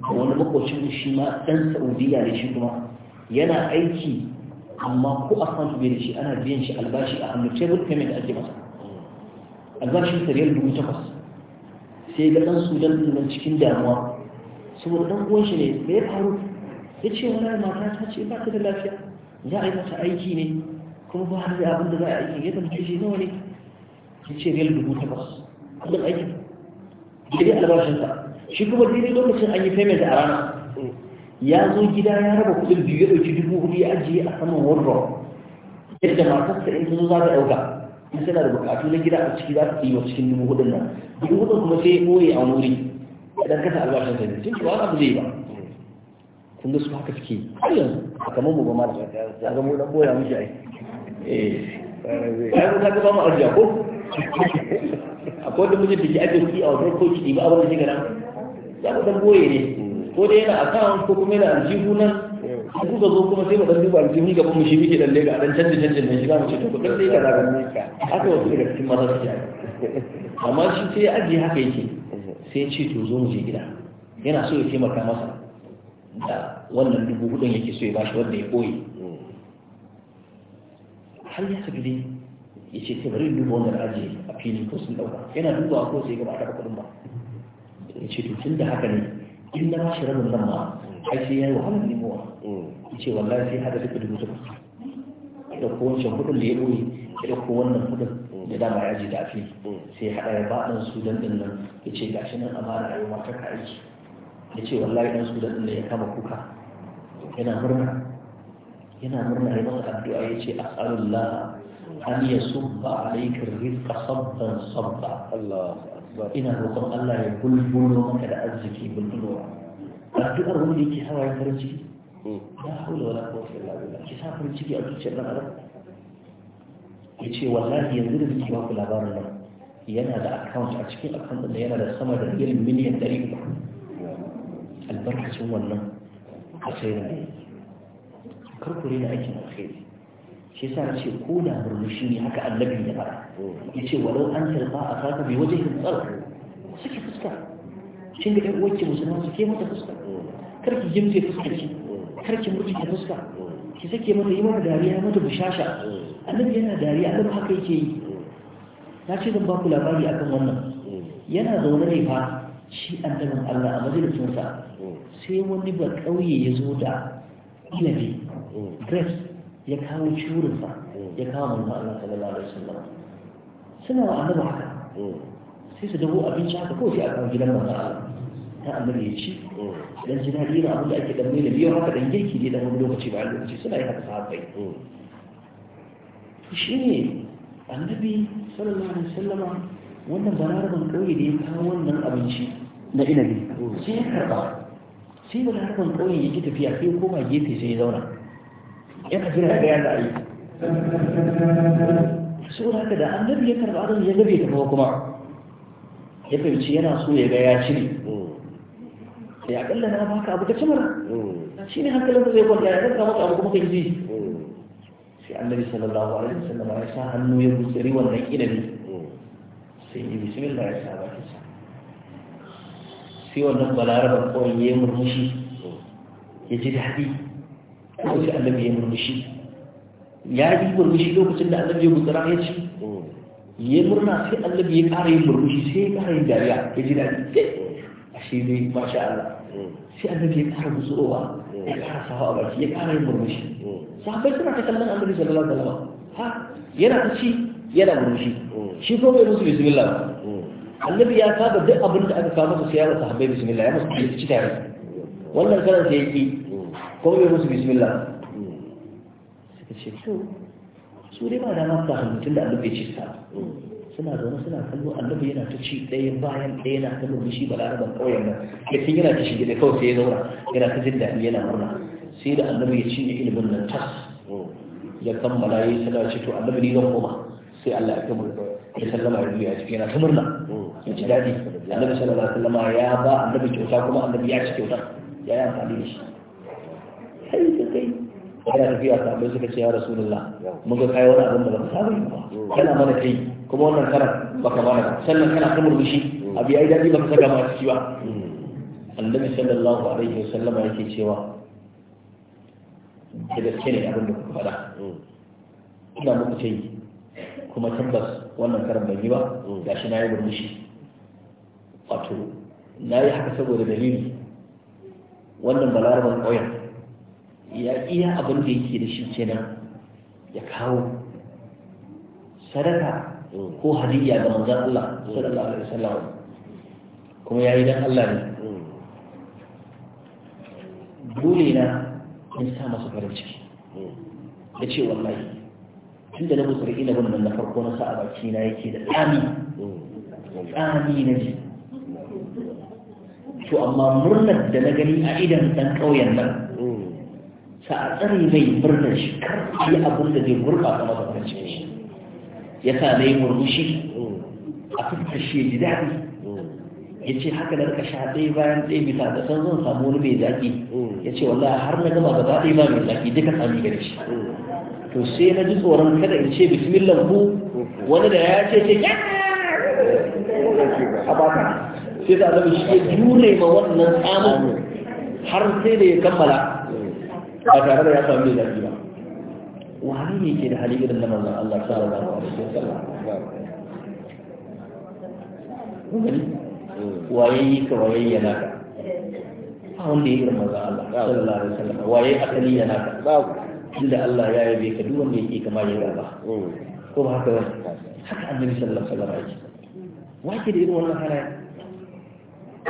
da wani makocin shi ma ɗan saudiya ne shi kuma yana aiki amma ko account bai da shi ana biyan shi albashi a hannu table payment ake masa albashin sa riyal dubu takwas sai ga ɗan sudan nan cikin damuwa saboda ɗan uwan shi ne me ya faru ya ce wani mata ta ce ba ta da lafiya za a yi mata aiki ne kuma ba har da abin da za a aiki ya tambaye shi nawa ne ya ce riyal dubu takwas kuɗin aikin daidai albashinsa shi kuma daidai lokacin an yi payment a rana ya zo gida ya raba kudin biyu ya dauki dubu hudu ya ajiye a saman wardrobe yadda matarsa in ta zo za ta dauka in suna da bukatu na gida a ciki za ta yi wa cikin dubu hudun nan dubu hudun kuma sai ya ɓoye a wuri idan kasa albashin sa ne tun wani abu zai ba kun da su haka suke har yanzu a kamar mu ba ma da ya zama wani ɓoya mishi ai eh ya zama ta gaba mu arziya ko akwai da mijin ke ake kuɗi a wajen ko ki ba abin da shi gana ya ku dan goye ne ko dai yana account ko kuma yana aljihu nan an kuka zo kuma sai mu dan duba aljihu ga mu shi muke dalle ga dan canjin canjin nan shi za mu ce to ku dan dai ga zagan ne haka wasu daga cikin maza suke amma shi sai ya ajiye haka yake sai ya ce to zo mu je gida yana so ya taimaka masa da wannan dubu hudun yake so ya bashi wanda ya koyi har ya tafi ya ce sai bari duba wannan aji a fili ko sun dauka yana duba ko sai gaba ta kudin ba ya ce tun da haka ne in na shi rabin nan ma ai sai ya yi wahalar nemowa ya ce wallahi sai haka duka dubu takwas ya da wancan kudin da ya boye ya dauko wannan kudin da dama ya ji dafi sai haɗa ya ba ɗan dan ɗin nan ya ce gashi nan amana a yi mata ka aiki ya ce wallahi ɗan dan ɗin ya kama kuka yana murna yana murna ya masa addu'a ya ce as'alullah أن يصب عليك الرزق صبا صبا الله أكبر إن الرقم الله يقول بلو مكا دا أزكي بالبلوع أرجو أرغم لي كي هوا يفرن لا حول ولا قوة إلا بالله كي هوا يفرن شكي أرجو شكرا أرغم يتي والله يزيد بكي واقع العبارة الله yana da account a cikin account da yana da sama da riyal miliyan 300 albarkacin wannan a sai da kar ku rena aikin alheri shi sa ce ko da murmushi ne haka annabi ya fara ya ce walau an tarfa a saka bai wajen yin tsar suke fuska shi da ɗan uwanki musulman su ke mata fuska karki jimce fuska ki karki ta fuska ki sake mata yi mata dariya mata bushasha annabi yana dariya annabi haka yake yi na ce zan ba ku labari akan wannan yana zaune ne fa shi annabin Allah a majalisinsa sai wani ba ƙauye ya zo da ilabi grapes ya kawo ba ya kawo ba Allah sallallahu alaihi wasallam suna wa annabi haka sai su dawo abinci haka ko sai a kawo gidan manzo Allah ta annabi ya ci dan ji daɗi abin da ake dan mai biyo haka dan girki ne dan wani lokaci ba lokaci suna yi haka sahabbai shi ne annabi sallallahu alaihi wasallam wannan balaraban ƙauye da ya kawo wannan abinci na inabi sai ya karɓa sai balaraban ƙauye ya ki tafiya sai koma gefe sai ya zauna yana jira da yana yi su haka da annabi ya karɓa adam ya gabe ta kuma ya fahimci yana so ya ga ya shiri sai akalla na baka abu ta cimar shi ne hankalin da zai kwanta ya zaka maka abu kuma ka ji sai annabi sallallahu alaihi wasallam ya sa hannu ya gutsari wannan inabi sai yi bismillah ya sa baki sa sai wannan balarabar kawai ya murmushi ya ji daɗi kawai sai annabi ya murmushi ya yi murmushi lokacin da annabi ya gutsara ya ci ya murna sai annabi ya ƙara yin murmushi sai ya ƙara yin dariya ya ji daɗi a shi ne masha Allah sai annabi ya ƙara gutsurowa ya ƙara sawa a baki ya ƙara yin murmushi sahabbai suna ta kallon annabi sallallahu alaihi wasallam ha yana ta ci yana murmushi shi ko bai musu bismillah annabi ya saba duk abin da aka kawo masa sai ya masa sahabbai bismillah ya masa ci tare wannan karan sai ya ki ko bai musu bismillah suka ce to su dai ba da na ka mutum da annabi ya ce sa suna zaune suna kallo annabi yana ta ci ɗaya bayan ɗaya na kallo da shi da balaraban ƙauyen nan ya yana ta shige da kawai sai ya zauna yana ta jin daɗi yana murna sai da annabi ya cinye ilimin nan tas ya kammala ya yi sana ce to annabi ni zan koma sai Allah ya kai mu ya sallama ya biya cikin yana ta murna ya ji daɗi annabi sallallahu alaihi sallama ya ba annabi kyauta kuma annabi ya ci kyauta ya yi amfani da shi kai kai kai yana tafiya ta abin suka ce ya rasulullah mun ga kai wani abin da baka saba yi kana mana kai kuma wannan karan baka mana sannan kana ta murmushi abu ya yi daɗi baka saka ma ciki ba annabi sallallahu alaihi wasallama yake cewa da ne abin da kuka faɗa ina muku ce kuma tabbas wannan karan ban yi ba gashi na yi murmushi wato na yi haka saboda dalili wannan balarabar ƙauyen ya iya abin da yake da shi kenan ya kawo sadaka ko hadiyya ga manzan Allah sallallahu alaihi wasallam kuma yayi dan Allah ne dole na in sa masa farin ciki ya ce wallahi tun da na musu rikina wannan na farko na sa a baki na yake da tsami tsami na ji to amma murnar da na gani a idan dan ƙauyen nan sa a tsare mai murnar shi kar yi abin da zai gurɓata mazaukacin shi ya sa na yi murmushi a fuskar shi ji daɗi ya ce haka da sha ɗaya bayan ɗaya bisa da san zan samu wani mai zaƙi ya ce wallahi har na gama gaba ɗaya ba mai zaƙi duka sami gare shi to sai na ji tsoron kada in ce bismillah ku wani da ya ce ce a baka sai da zama shi ya jure ma wannan tsamin har sai da ya kammala ba tare da ya samu mai daɗi ba wani ne ke da hali irin na manzan Allah sallallahu alaihi wasallam waye yi ka waye yana ka a wanda ya irin manzan Allah sallallahu alaihi wasallam waye asali yana ka babu inda Allah ya yabe ka duk wanda yake kamar yana ba mm. ko ba haka haka annabi sallallahu alaihi wasallam yake wake da irin wannan hana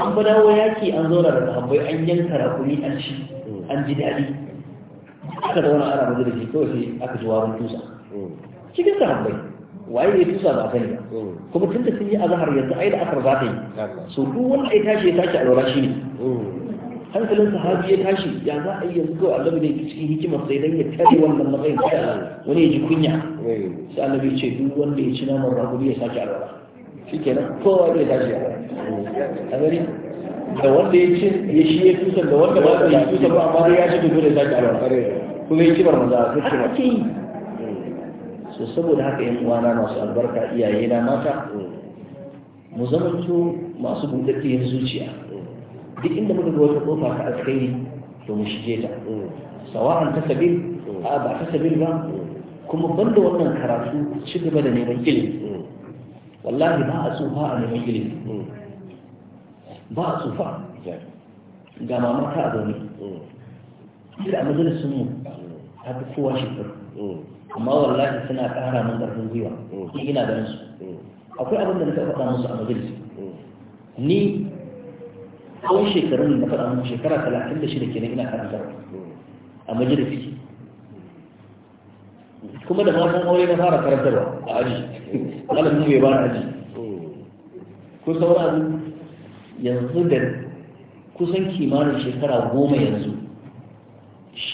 an ba dawo yaki an zauna da sahabbai an yanka rakumi an ci an ji daɗi aka zauna ana mazi da shi kawai sai aka ji warin tusa cikin hambai waye ya tusa ba sani ba kuma tun da sun yi azahar yanzu ai da akar za ta yi so duk wanda ai tashi ya tashi a lura shi ne hankalin sahabi ya tashi ya za a yi yanzu kawai annabi ne cikin hikimar sai dan ya tare wannan matsayin kai wani ya ji kunya sai annabi ya ce duk wanda ya ci naman raguri ya sake alwala shi kenan kowa ya tashi a gari da wanda ya ci ya shi ya tusa da wanda ba ya tusa ba amma ya ci duk da sake alwala kuma yi kibar maza ta ce ba yi so saboda haka yin uwana masu albarka iyaye na mata mu zamanto masu yin zuciya duk inda muka ga wata kofa ta alkhairi to mu shige ta sawa'an ta sabil a ba ta sabil ba kuma banda wannan karatu ci gaba da neman ilimi wallahi ba a tsufa a neman ilimi ba a tsufa ga mamata a zaune kila a majalisun mu ta fi kowa shekaru amma wallahi suna ƙara min ƙarfin gwiwa ni ina ganin su akwai abin da na taɓa faɗa musu a majalis ni tsawon shekarun da na faɗa musu shekara talatin da shida kenan ina karantarwa a majalisi kuma da mafan aure na fara karantarwa a aji malamin bai ba aji ko sauran yanzu da kusan kimanin shekara goma yanzu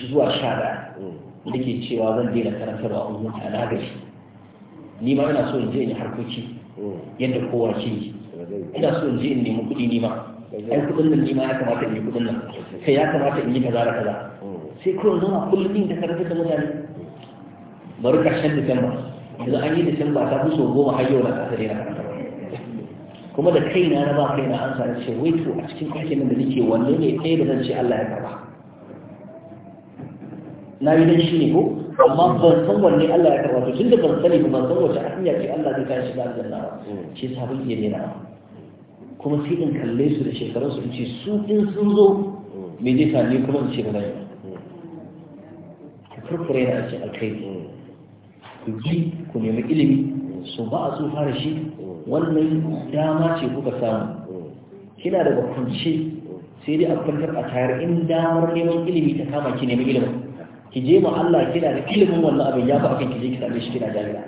zuwa sha da nake cewa zan daina karantarwa in mutu a nagari ni ma ina so in je in harkoki yadda kowa ke yi ina so in je in nemi kuɗi ni ma ai kuɗin nan ni ma ya kamata in yi kuɗin nan kai ya kamata in yi kaza da kaza sai kawai zama kullum yin da karantar da mutane bari ƙarshen disamba yanzu an yi disamba ta fi so goma har yau na ƙasa daina karantarwa kuma da kaina na ba kaina an sa ce wai to a cikin aikin da nake wanne ne ɗaya da zan ce Allah ya karba na yi dan shi ne ko amma ban san wanne Allah ya karba to tunda ban sani ba ban san wace hanya ce Allah zai shi ga aljanna ba shi sabon ban iya rera kuma sai in kalle su da shekarun su ce su din sun zo me zai same kuma in ce ba zai kurkure na ce alkai ku ji ku nemi ilimi su ba a tsufa shi wannan dama ce kuka samu kina da kunce sai dai a kwantar a tayar in damar neman ilimi ta kama ki neman ilimin ki je ma Allah kina da ilimin wannan abin ya fi akan ki je ki same shi kina jami'a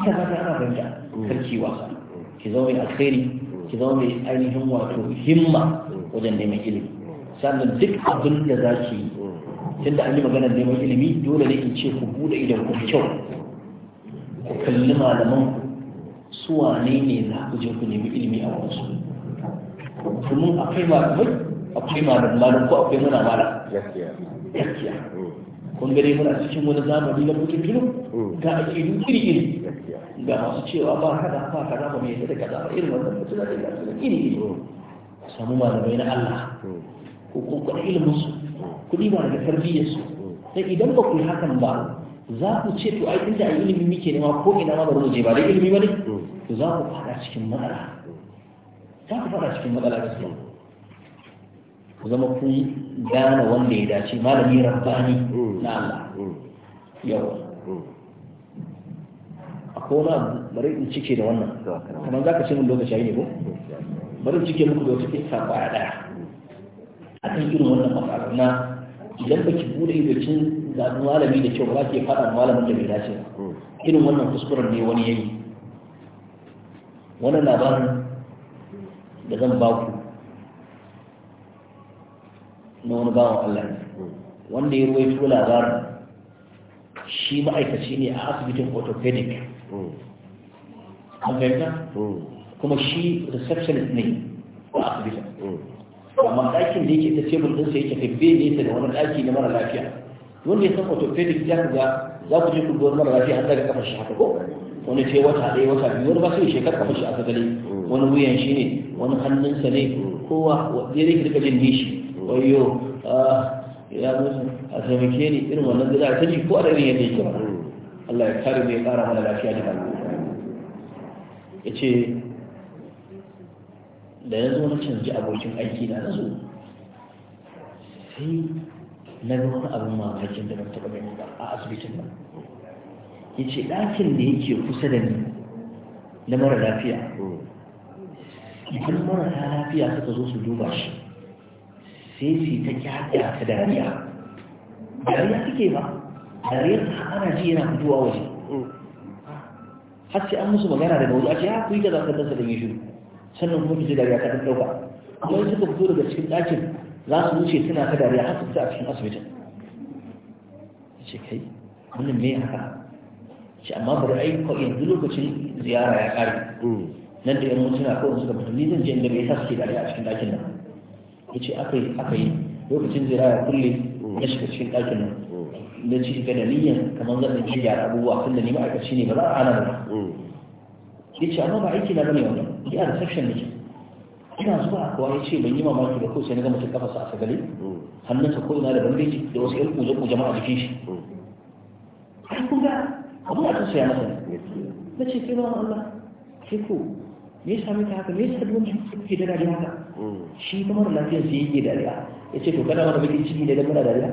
kina ba ta ana banta sarki wasa ki zama mai alkhairi ki zama mai ainihin wato himma wajen neman ilimi sannan duk abin da za ki yi tunda an yi maganar neman ilimi dole ne in ce ku buɗe idan ku kyau ku kalli malaman ku su wane ne za ku je ku nemi ilimi a wasu domin akwai malamai akwai malamai ko akwai muna malam gaskiya kun gare muna cikin wani zamani na mutum filin? Hmm. ga ake yin iri iri ga masu cewa ba kada ba kada ba mai yadda kada ba irin wannan mutum da ga su iri iri hmm. samu malamai na Allah ko ko hmm. kuɗi ilimin su kuɗi ba daga tarbiyyar su sai idan ba ku yi hakan ba za ku ce to ai inda ai ilimi muke nema ko ina ma bari mu je ba dai ilimi ba ne to za ku fada cikin matsala za ku fada cikin matsala gaskiya ku zama kun gane wanda ya dace malami rabbani mm. na Allah mm. yau a ko na bari in cike da wannan kamar za ka ce min lokaci ne ko mm. bari in cike muku da wata ba a daya a kan irin wannan matsalar na idan baki bude ibacin zaɓi malami da kyau ba za ki faɗa malamin da bai dace irin wannan kuskuren ne wani yayi wannan labarin da zan ba ku na wani bawan Allah ne wanda ya ruwaito labarin shi ma'aikaci ne a asibitin orthopedic an fahimta kuma shi receptionist ne a asibitin amma ɗakin da yake ta tebul ɗinsa yake tabbe ne da wani ɗaki na mara lafiya wanda ya san orthopedic ya ga za ku je ku gowar mara lafiya har daga kafar shi haka ko wani ce wata ɗaya wata biyu wani ba sai shekar kafar shi aka gani wani wuyan shi ne wani hannunsa ne kowa wanda ya rika jin nishi wayo ah, ya musu a taimake ni irin wannan da za a ji ko a ɗari yadda yake ba Allah ya kare mai ƙara mana lafiya da hannu ya ce da ya zo na canji abokin aiki na zo sai na ga wani abin mamakin da ban taɓa gani ba a asibitin ba ya ce ɗakin da yake kusa da ni na mara lafiya hmm. idan mara lafiya suka zo su duba shi sai su ta kyakya ta dariya dariya take ba dariya ta ana ji yana fitowa waje Hasi an musu magana daga waje a ce ya kuyi ga zafin dasa da yi shiru sannan kuma fito dariya ta ɗauka amma in suka fito daga cikin ɗakin za su wuce suna ta dariya har su fita a cikin asibitin ce kai wannan me haka ce amma bari ai yanzu lokacin ziyara ya ƙare mm. nan da yan mutuna kawai suka fito ni zan je inda bai sa suke dariya a cikin ɗakin nan ya ce aka yi aka yi lokacin zira kulle ya shiga cikin ɗakin nan na ci ga daliyan kamar zan ɗan gyara abubuwa tun da ni ma'aikaci ne ba za a hana ba ya ce amma ba aiki na bane wani ya reception da ke ina zuwa kuwa ya ce ban yi mamaki da kowace na gama ta kafa sa a sagale hannunsa ko ina da bandeji da wasu yan kuje kuje a jikin shi ai kun abu a kan saya masa na ce ke ba Allah ke ko me ya sami ka haka me ya sa duwani kuke da dadi haka shi kuma da lafiyar su yake dariya ya ce to kana mana bakin ciki ne don muna dariya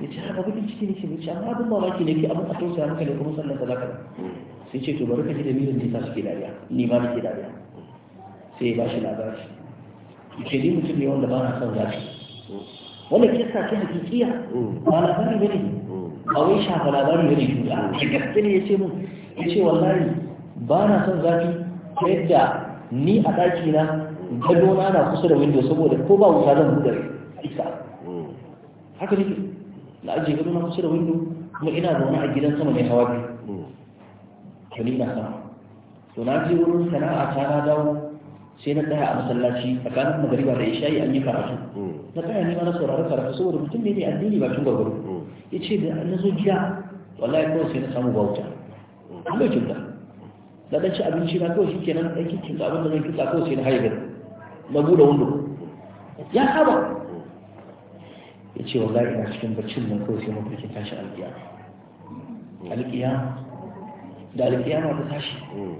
Ya ce haka bakin ciki ne shi ce amma abin mamaki ne ke abin a tausaya maka ne kuma sannan sadaka sai ce to bari ka ji da mirin nisa suke dariya ni ma nake dariya sai ba shi labari ce ni mutum ne wanda ba na son zafi wannan kisa ce hakikiya ba labari ba ne a wai shafa labari ba ne juda shi gaske ne ya ce mun ya ce wallahi ba na son zafi ta yadda ni a ɗakina gado na na kusa da windows saboda ko ba wuta zan buɗe iska haka ne na ajiye gado na kusa da windows kuma ina zaune a gidan sama mai hawa biyu to ni na sama to na je wurin sana'a ta na dawo sai na tsaya a masallaci tsakanin magariba da isha'i an yi karatu na tsaya ne na sauraron karatu saboda mutum ne mai addini bakin gwagwaro ya ce da na zo gida wallahi kawai sai na samu bauta an lokacin da na ɗan ci abinci na kawai shi kenan ɗan da abin da zan kitsa kawai sai na haihu na buɗe wando ya saba ya ce wallahi ina cikin baccin nan kawai sai mafarki tashi alƙiya alƙiya hmm. da alƙiya ma ta tashi hmm.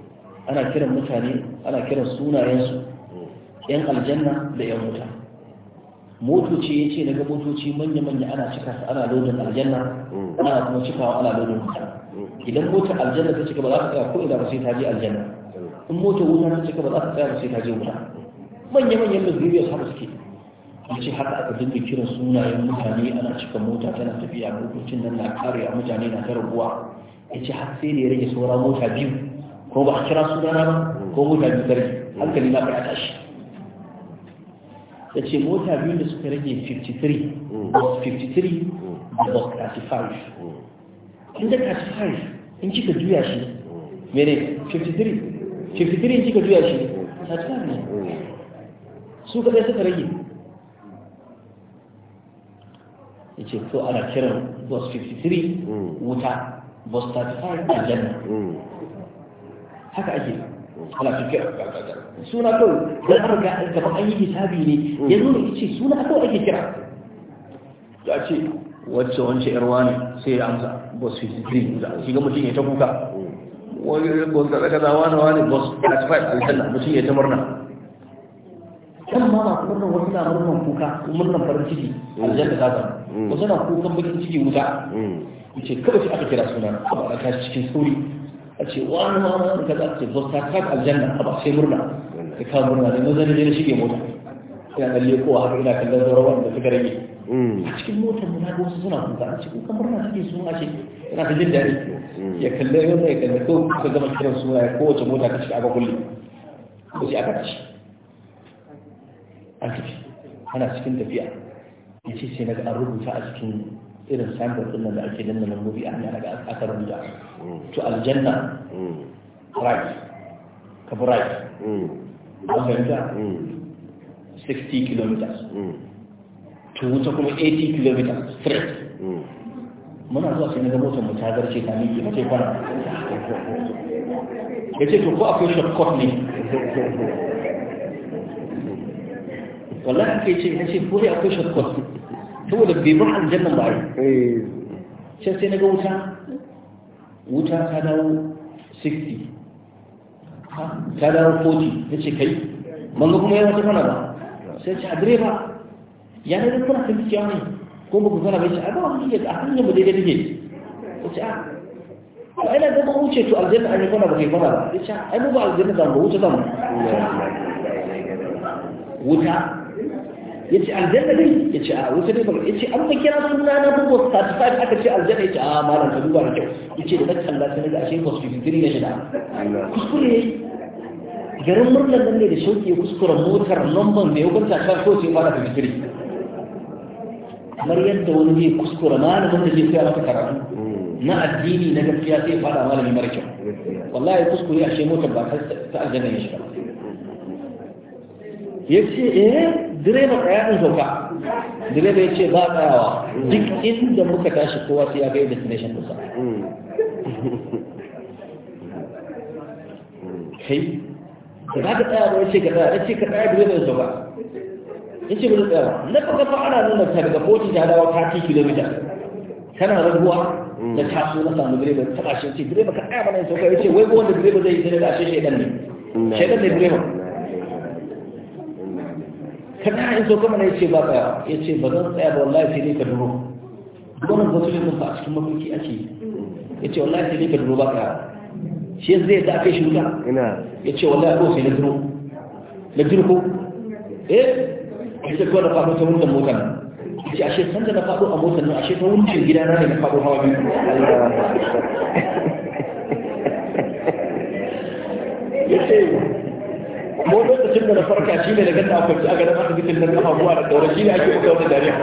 ana kiran mutane ana kiran sunayensu hmm. yan aljanna da yan wuta motoci ya ce daga motoci manya-manya ana cika su ana lodin aljanna ana kuma cikawa ana lodin wuta idan motar aljanna ta cika ba za ta tsaya ko ina ba sai ta je aljanna in motar wuta ta cika ba za ta tsaya ba sai ta je wuta manya-manyan da zuriyar sama suke ya ce haka aka dinga kiran sunayen mutane ana cika mota tana tafiya lokacin nan na kare a mutane na ta raguwa ya ce har sai ne ya rage saura mota biyu ko ba a kira sunana ba ko mota biyu tare hankali na fara tashi ya ce mota biyu da suka rage 53 bus 53 da bus 35 inda 35 in kika juya shi mene 53 53 in kika juya shi 35 ne su kaɗai suka rage ya ce to ana kiran bus 53 wuta bus 35 aljanna haka ake ana cikin suna kawai don an ga gaban an yi hisabi ne ya yanzu ne ce suna kawai ake kira ya ce wacce wance yarwa ne sai ya amsa bus 53 za a shiga mutum ya ta kuka wani bus kaza kaza wani wani bus 35 aljanna mutum ya ta murna kan ma kuma kan wasu na murnan kuka murnan farin ciki mm. aljanna ta zama mm. wasu na kukan bakin ciki wuta mm. ku ce kawai shi aka kira suna a ba ta cikin sauri a ce wani ma wani kaza ce ba ta ta aljanna a ba sai murna ta ka murna da nazari ne na shige mota ina kalle a haka ina kallon sauran wanda suka rage a cikin motar mu na ga wasu suna kuka a ce kukan murna suke suna ce ina ta jin daɗi ya kalle yau ya kalle ko ka gama kiran suna ya kowace mota ta shiga aka kulle ko sai aka ci an tafi ana cikin tafiya ya ce sai naga an rubuta a cikin irin sambar din da ake nan danna lambobi a hanyar ga aka rubuta to aljanna right ka bi right an fahimta 60 kilometers to wuta kuma 80 kilometers straight muna zuwa sai na ga motar mu ta zarce ta miki ba sai kwana ya ce to ko akwai shortcut ne والله في شيء هنا شيء فوري أكو شيء كوت هو اللي بيروح عن جنة بعيد شو سينا جوتا وتا كذا سكتي كذا فوتي هالشيء كي ما نقوم يلا تفهمنا بقى شو شادري بقى يعني ده كنا في الكيان كم بقولنا بس أبغى هي أهم شيء بدي تيجي إيش أنا ده ما هو شيء شو أرجع أنا كنا بقول بقى إيش أنا بقى أرجع ده ما هو شيء ده ya ce aljanna dai ya ce a wuce dai ya ce an kira suna na bugu 35 aka ce aljanna ya ce a malam ka duba da kyau ya ce da na kalla sai ga su fi 53 ya shida kuskure garin murnar nan ne da shauki kuskure kuskura motar lamban da ya kwanta kan ko sai fara 53 kamar yadda wani zai kuskura malamin da zai koya maka karatu na addini na gaskiya sai fara malami mara kyau wallahi kuskure a ashe motar ba ta aljanna ya shiga ya ce eh direba ɗaya in sauka direba ya ce ba tsayawa duk inda muka tashi kowa sai ya ga destination kusa kai da za ka tsaya ba ya ce ka tsaya ya ce ka tsaya direba ya sauka ya ce ba tsayawa ba na ka fa ana nuna ta daga 40 ta dawa 30 kilomita kana rabuwa da taso na samu direba ta kashe ce direba ka tsaya na ya sauka ya ce wai ko wanda direba zai yi direba a shi shaidan ne shaidan ne direba ta na in so kuma ne yace ba tsaya yace ba zan tsaya ba wallahi sai dai ka duro wannan wasu ne ba a cikin mafarki ake yace wallahi sai dai ka duro ba tsaya shi yanzu zai da aka shi wuta ina yace wallahi ko sai na duro na duro ko eh yace ko da fara ta wannan motar nan ce ashe san da na faɗo a motar nan ashe ta wuncin gida na ne na faɗo hawa biyu ya ce ko lokacin da na farka shi ne da ganda akwai a garin asibitin nan kafa ruwa da tsoron shi ne ake buga wani dariya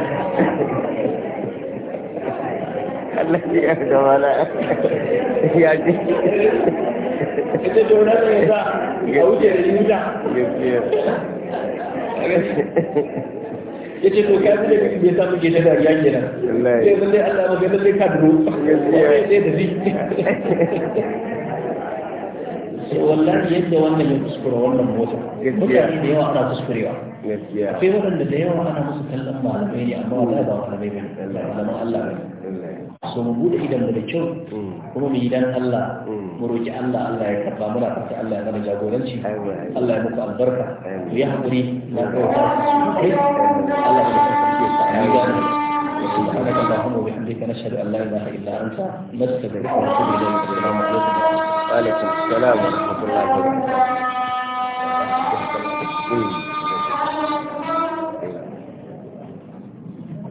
Allah ya yarda wala ya ji ita jona ne ya a wuce da yuta ya ce to kafin da kafin ya samu gida dariya kenan sai zai Allah magana zai ka dubu sai da zai sai wallahi yadda wannan ya kuskura wannan motar mutane da yawa ana kuskurewa akwai waɗanda da yawa ana musu kallon malamai ne amma wallahi ba malamai ba malaman Allah ne so mu bude idan da kyau mm. kuma mu yi dan Allah mm. mu roki Allah Allah ya karba muna fata Allah ya mana jagoranci Allah ya muku albarka ku yi hakuri na kai Allah ya kasance سبحانك اللهم وبحمدك نشهد أن لا إله إلا أنت نستغفرك ونتوب إليك السلام عليكم وعليكم السلام ورحمة الله وبركاته